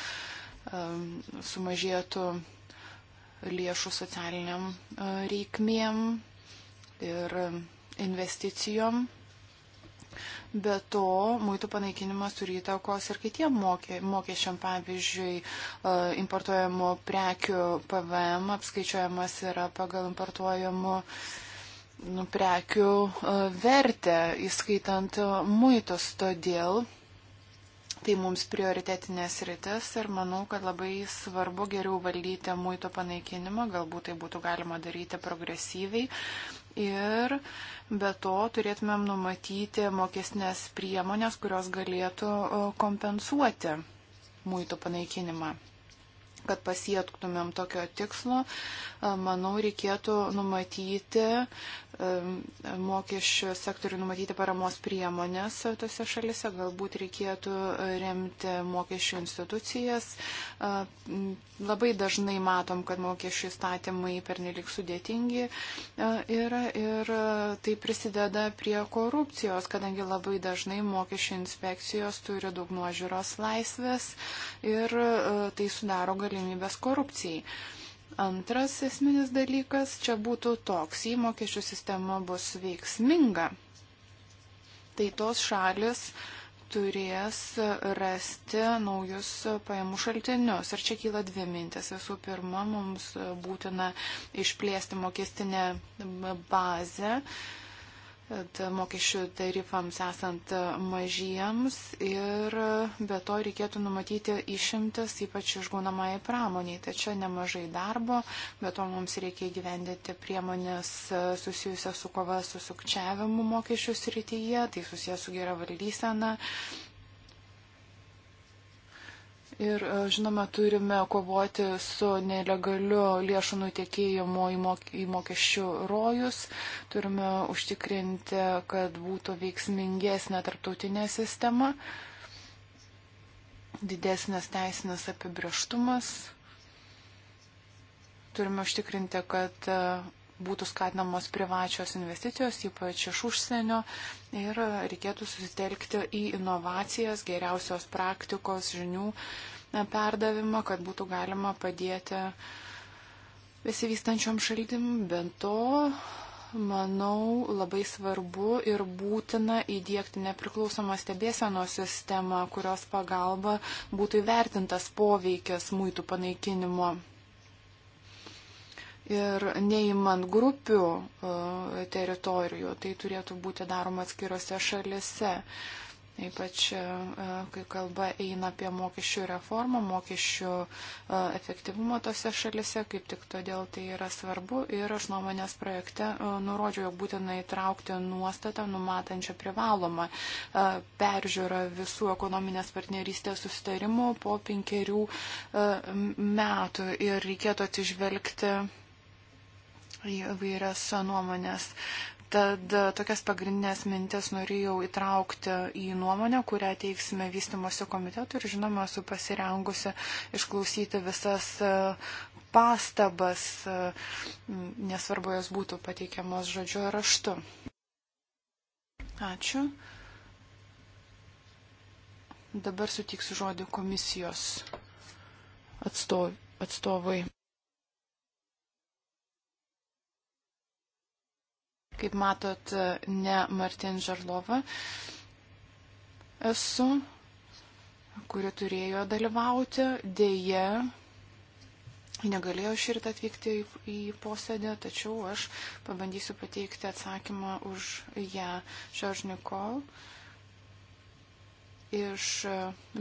sumažėtų lėšų socialiniam e, reikmėm ir investicijom. Be to, muitų panaikinimas turi įtakos ir kitiem mokė, mokesčiam, pavyzdžiui, e, importuojamų prekių PVM apskaičiuojamas yra pagal importuojamų nu, prekių e, vertę, įskaitant muitus. Todėl tai mums prioritetinės rytis ir manau, kad labai svarbu geriau valdyti muito panaikinimą, galbūt tai būtų galima daryti progresyviai. Ir be to turėtumėm numatyti mokesnės priemonės, kurios galėtų kompensuoti muito panaikinimą kad pasiektumėm tokio tikslo, manau, reikėtų numatyti mokesčių sektorių numatyti paramos priemonės tose šalise, galbūt reikėtų remti mokesčių institucijas. Labai dažnai matom, kad mokesčių įstatymai pernelik sudėtingi yra ir tai prisideda prie korupcijos, kadangi labai dažnai mokesčių inspekcijos turi daug nuožiūros laisvės ir tai sudaro galimybę galimybės korupcijai. Antras esminis dalykas čia būtų toks, jei mokesčių sistema bus veiksminga, tai tos šalis turės rasti naujus pajamų šaltinius. Ir čia kyla dvi mintis. Visų pirma, mums būtina išplėsti mokestinę bazę mokesčių tarifams esant mažiems ir be to reikėtų numatyti išimtis, ypač išgaunamai pramoniai. Tačiau nemažai darbo, be to mums reikia gyvendinti priemonės susijusią su kova su sukčiavimu mokesčių srityje, tai susijęs su gera valdysena, Ir e, žinoma, turime kovoti su nelegaliu lėšų nutekėjimu į mokesčių rojus, turime užtikrinti, kad būtų veiksmingesnė tarptautinė sistema, didesnės teisinės apibrieštumas, turime užtikrinti, kad e, būtų skatinamos privačios investicijos, ypač iš užsienio, ir reikėtų susitelkti į inovacijas, geriausios praktikos, žinių perdavimą, kad būtų galima padėti besivystančiom šaltim, bent to manau, labai svarbu ir būtina įdėkti nepriklausomą stebėsenos sistemą, kurios pagalba būtų įvertintas poveikis muitų panaikinimo ir neįmant grupių e, teritorijų, tai turėtų būti daroma atskirose šalise. Ypač, e, e, kai kalba eina apie mokesčių reformą, mokesčių efektyvumą tose šalise, kaip tik todėl tai yra svarbu. Ir aš nuomonės projekte nurodžiau, jog būtina įtraukti nuostatą numatančią privalomą peržiūrą visų ekonominės partnerystės sustarimų po penkerių metų. Ir reikėtų atsižvelgti įvairias nuomonės. Tad e, tokias pagrindinės mintis norėjau įtraukti į nuomonę, kurią teiksime vystimosi komitetui ir žinoma, esu pasirengusi išklausyti visas e, pastabas, e, nesvarbu jos būtų pateikiamos žodžiu ar raštu. Ačiū. Dabar sutiksiu žodį komisijos atstovui. kaip matot, ne Martin Žarlova esu, kuri turėjo dalyvauti. Deja, negalėjo širt atvykti į, į posėdį, tačiau aš pabandysiu pateikti atsakymą už ją Žaržnikol. Ja, iš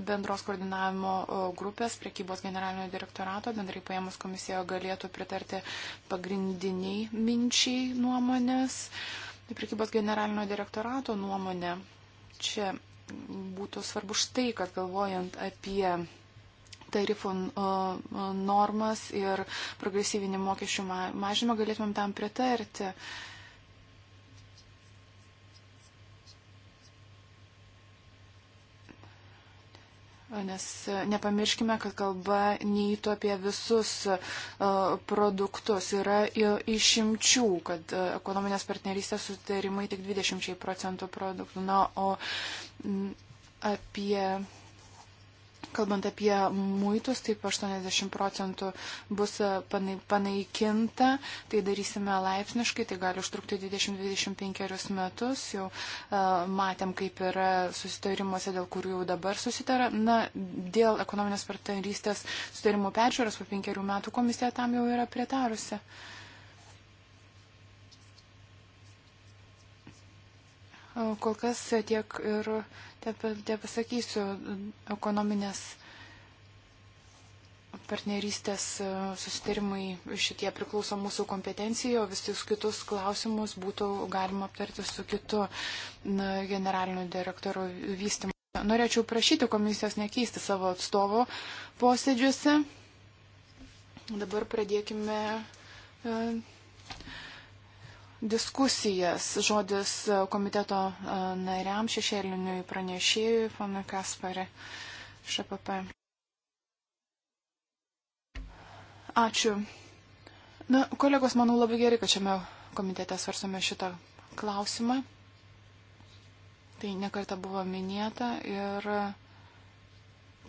bendros koordinavimo grupės priekybos generalinio direktorato. Bendrai paėmus komisija galėtų pritarti pagrindiniai minčiai nuomonės. Priekybos generalinio direktorato nuomonė. Čia būtų svarbu štai, kad galvojant apie tarifų normas ir progresyvinį mokesčių mažymą galėtumėm tam pritarti. Uh, Nes e, nepamirškime, kad kalba neįtų apie visus e, produktus. Yra išimčių, kad e, ekonominės partnerystės sutarimai tik 20 procentų produktų. Na, o apie Kalbant apie muitus, taip 80 procentų bus e, panaikinta, tai darysime laipsniškai, tai gali užtrukti 20-25 metus, jau uh, matėm, kaip yra susitarimuose, dėl kurių jau dabar susitara. Na, dėl ekonominės partnerystės susitarimų peržiūros po penkerių metų komisija tam jau yra pritarusi. E, kol kas tiek ir nepasakysiu ekonominės partnerystės e, susitarimai šitie priklauso mūsų kompetencijoje, visus kitus klausimus būtų galima aptarti su kitu generaliniu direktoru vystymu. Norėčiau prašyti komisijos nekeisti savo atstovo posėdžiuose. Dabar pradėkime e, diskusijas. Žodis e, komiteto e, nariam šešėliniui pranešėjui, pana Kasparė iš APP. Ačiū. Na, kolegos, manau labai gerai, kad šiame komitete svarstame šitą klausimą. Tai nekarta buvo minėta ir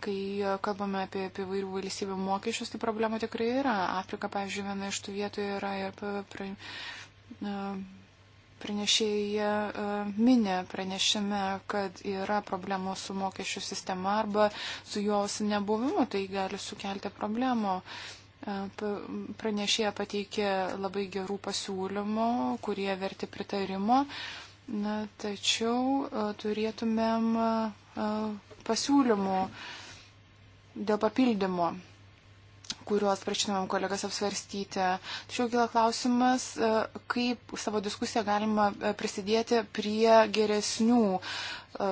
kai kalbame apie, apie vairių valstybių mokesčius, tai problema tikrai yra. Afrika, pavyzdžiui, viena iš tų vietų yra ir Pranešėja e, minė pranešime, kad yra problemų su mokesčių sistema arba su jos nebuvimu, tai gali sukelti problemų. E, pranešėja pateikė labai gerų pasiūlymų, kurie verti pritarimo, na, tačiau e, turėtumėm pasiūlymų dėl papildymo kuriuos prašytumėm kolegas apsvarstyti. Tačiau gila klausimas, e, kaip savo diskusiją galima e, prisidėti prie geresnių e,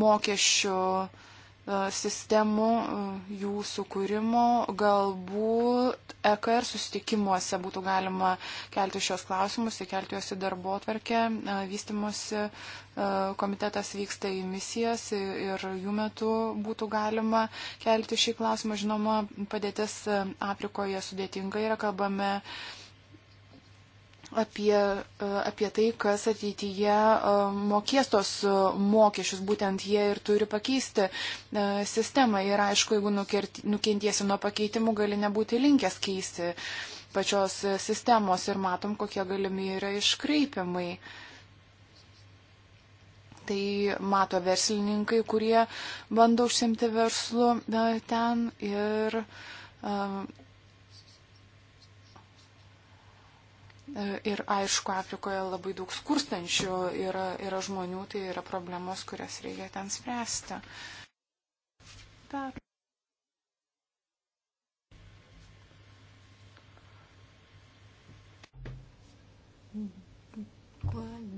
mokesčių E, sistemų, e, jų sukūrimo, galbūt EKR susitikimuose būtų galima kelti šios klausimus, įkelti juos į darbo atverkę. E, vystimosi komitetas vyksta į misijas ir jų metu būtų galima kelti šį klausimą. Žinoma, padėtis Afrikoje sudėtinga yra, kalbame apie, e, apie tai, kas ateityje e, mokės tos e, mokesčius, būtent jie ir turi pakeisti sistemą. Ir aišku, jeigu nukentiesi nuo pakeitimų, gali nebūti linkęs keisti pačios sistemos ir matom, kokie galimi yra iškreipimai. Tai mato verslininkai, kurie bando užsimti verslu ten ir E, ir aišku, Afrikoje labai daug skurstančių yra, yra žmonių, tai yra problemos, kurias reikia ten spręsti. Dar.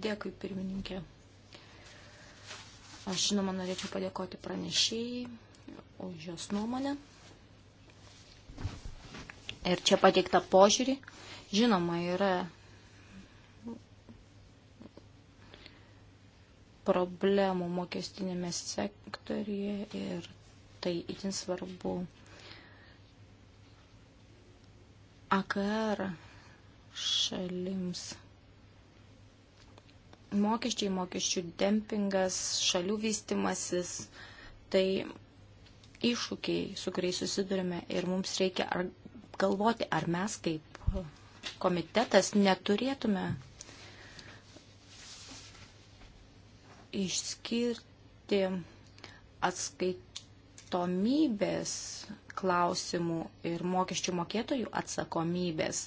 Dėkui, pirmininkė. Aš žinoma norėčiau padėkoti pranešėjai už jos nuomonę. Ir čia pateiktą požiūrį. Žinoma, yra problemų mokestinėme sektorije ir tai itin svarbu. AKR šalims. Mokesčiai, mokesčių dempingas, šalių vystimasis, tai iššūkiai, su kuriais susidurime ir mums reikia ar galvoti, ar mes kaip komitetas neturėtume išskirti atskaitomybės klausimų ir mokesčių mokėtojų atsakomybės.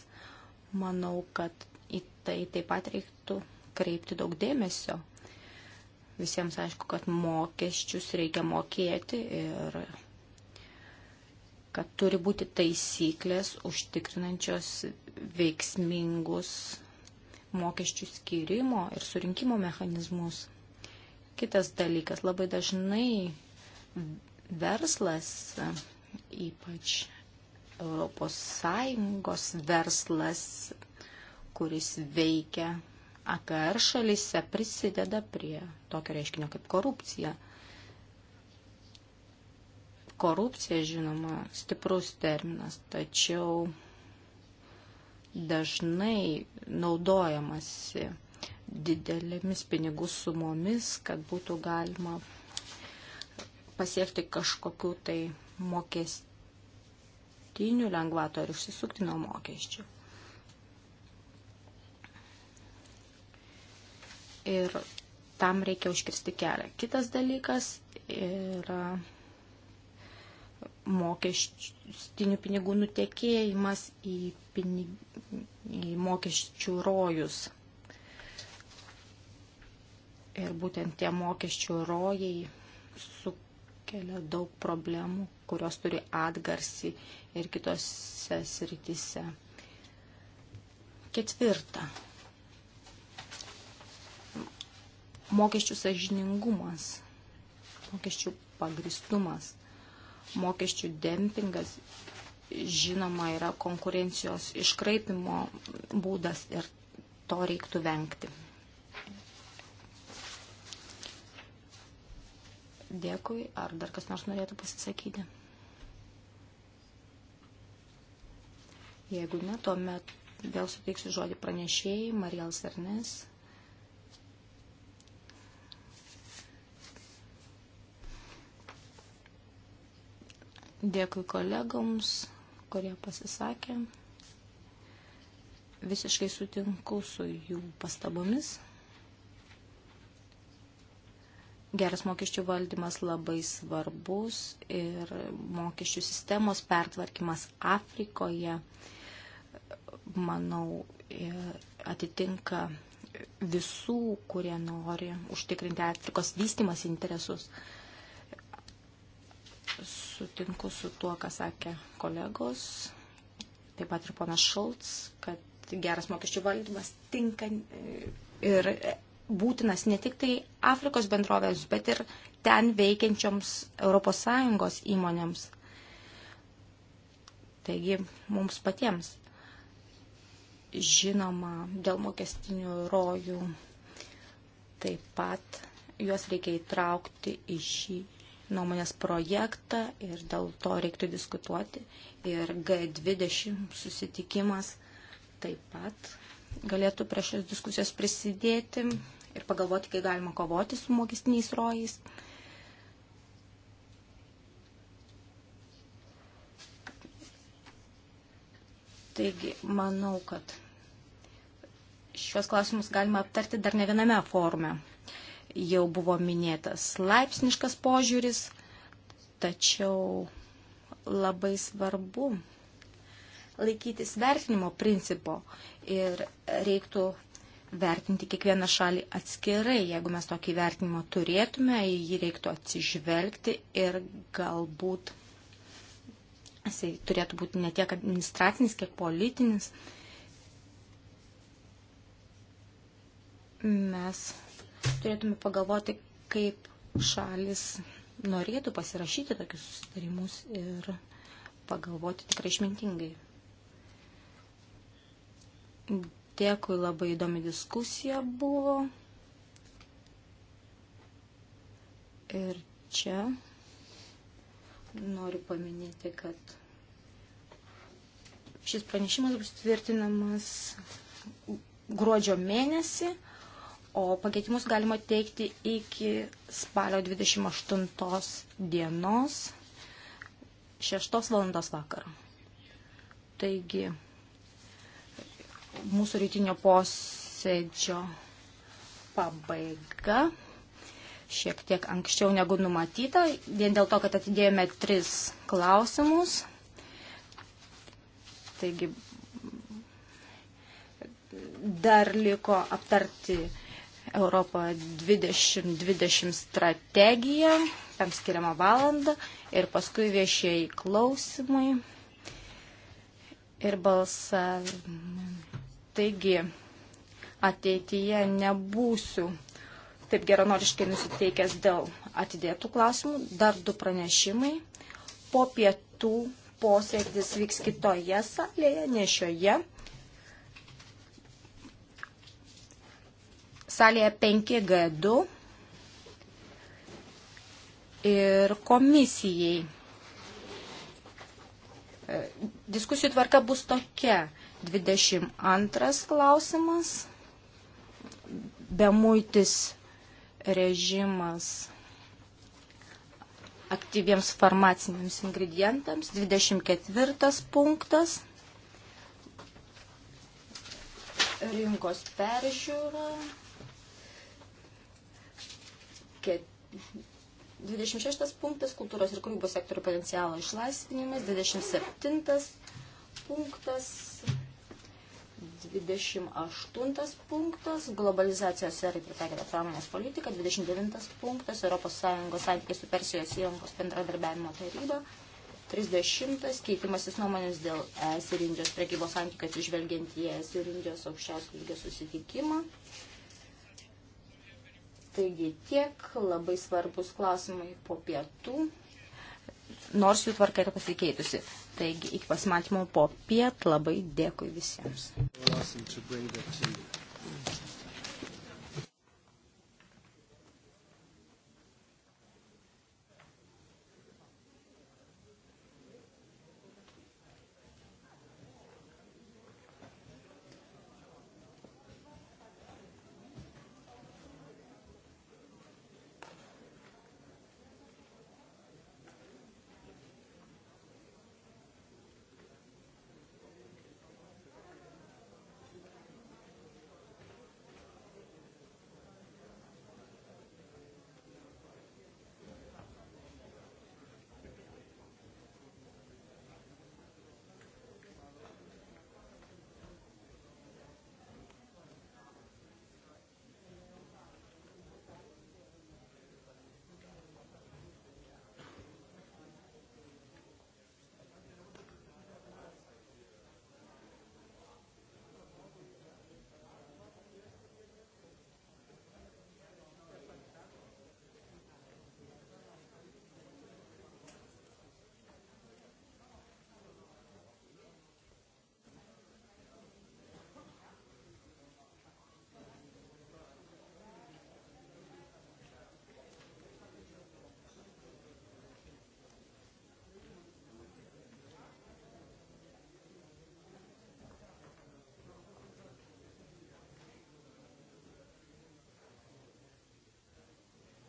Manau, kad į tai taip pat reiktų kreipti daug dėmesio. Visiems aišku, kad mokesčius reikia mokėti ir kad turi būti taisyklės užtikrinančios veiksmingus mokesčių skirimo ir surinkimo mechanizmus. Kitas dalykas, labai dažnai verslas, ypač ES verslas, kuris veikia AKR šalyse, prisideda prie tokio reiškinio kaip korupcija. Korupcija, žinoma, stiprus terminas, tačiau dažnai naudojamasi didelėmis pinigų sumomis, kad būtų galima pasiekti kažkokių tai mokestinių lengvato ar išsisukti nuo mokesčių. Ir tam reikia užkirsti kelią. Kitas dalykas yra. Ir mokesčių pinigų nutekėjimas į, pinig... į mokesčių rojus. Ir būtent tie mokesčių rojai sukelia daug problemų, kurios turi atgarsi ir kitose sritise. Ketvirta. Mokesčių sažiningumas, mokesčių pagristumas mokesčių dempingas žinoma yra konkurencijos iškraipimo būdas ir to reiktų vengti. Dėkui. Ar dar kas nors norėtų pasisakyti? Jeigu ne, tuomet vėl suteiksiu žodį pranešėjai Marijals Arnes. Dėkui kolegoms, kurie pasisakė. Visiškai sutinku su jų pastabomis. Geras mokesčių valdymas labai svarbus ir mokesčių sistemos pertvarkymas Afrikoje, manau, atitinka visų, kurie nori užtikrinti Afrikos vystimas interesus. Uh, sutinku su tuo, ką sakė kolegos, taip pat ir ponas Šulc, kad geras mokesčių valdymas tinka e, ir būtinas ne tik tai Afrikos bendrovėms, bet ir ten veikiančioms ES įmonėms. Taigi mums patiems žinoma dėl mokestinių rojų taip pat juos reikia įtraukti į šį nuomonės projektą ir dėl to reiktų diskutuoti. Ir G20 susitikimas taip pat galėtų prie šios diskusijos prisidėti ir pagalvoti, kaip galima kovoti su mokestiniais rojais. Taigi, manau, kad šios klausimus galima aptarti dar ne viename forume jau buvo minėtas laipsniškas požiūris, tačiau labai svarbu laikytis vertinimo principo ir reiktų vertinti kiekvieną šalį atskirai. Jeigu mes tokį vertinimą turėtume, į jį reiktų atsižvelgti ir galbūt jisai turėtų būti ne tiek administracinis, kiek politinis. Mes turėtume pagalvoti, kaip šalis norėtų pasirašyti tokius susitarimus ir pagalvoti tikrai išmintingai. Dėkui, labai įdomi diskusija buvo. Ir čia noriu paminėti, kad šis pranešimas bus tvirtinamas gruodžio mėnesį o pakeitimus galima teikti iki spalio 28 dienos 6 valandos vakaro. Taigi, mūsų rytinio posėdžio pabaiga šiek tiek anksčiau negu numatyta, vien dėl to, kad atidėjome tris klausimus. Taigi, dar liko aptarti Europą 2020 strategiją, tam skiriamą valandą ir paskui viešieji klausimai ir balsavimai. Taigi ateityje nebūsiu taip geranoriškai nusiteikęs dėl atidėtų klausimų. Dar du pranešimai. Po pietų posėdis vyks kitoje salėje, ne šioje. salėje 5G2 ir komisijai. E, diskusijų tvarka bus tokia. 22 klausimas. Bemuitis režimas aktyviems farmaciniams ingredientams. 24 punktas. Rinkos peržiūra. 26 punktas kultūros ir kūrybos sektorių potencialo išlaisvinimas, 27 punktas, 28 punktas globalizacijos ir pritaikyta pramonės politika, 29 punktas ES santykiai su Persijos įlankos bendradarbiavimo taryba, 30 keitimasis nuomonės dėl ES ir Indijos prekybos santykių atsižvelgiant į ES ir Indijos aukščiausio lygio susitikimą. Taigi tiek labai svarbus klausimai po pietų, nors jų tvarka yra pasikeitusi. Taigi iki pasimatymo po piet labai dėkui visiems.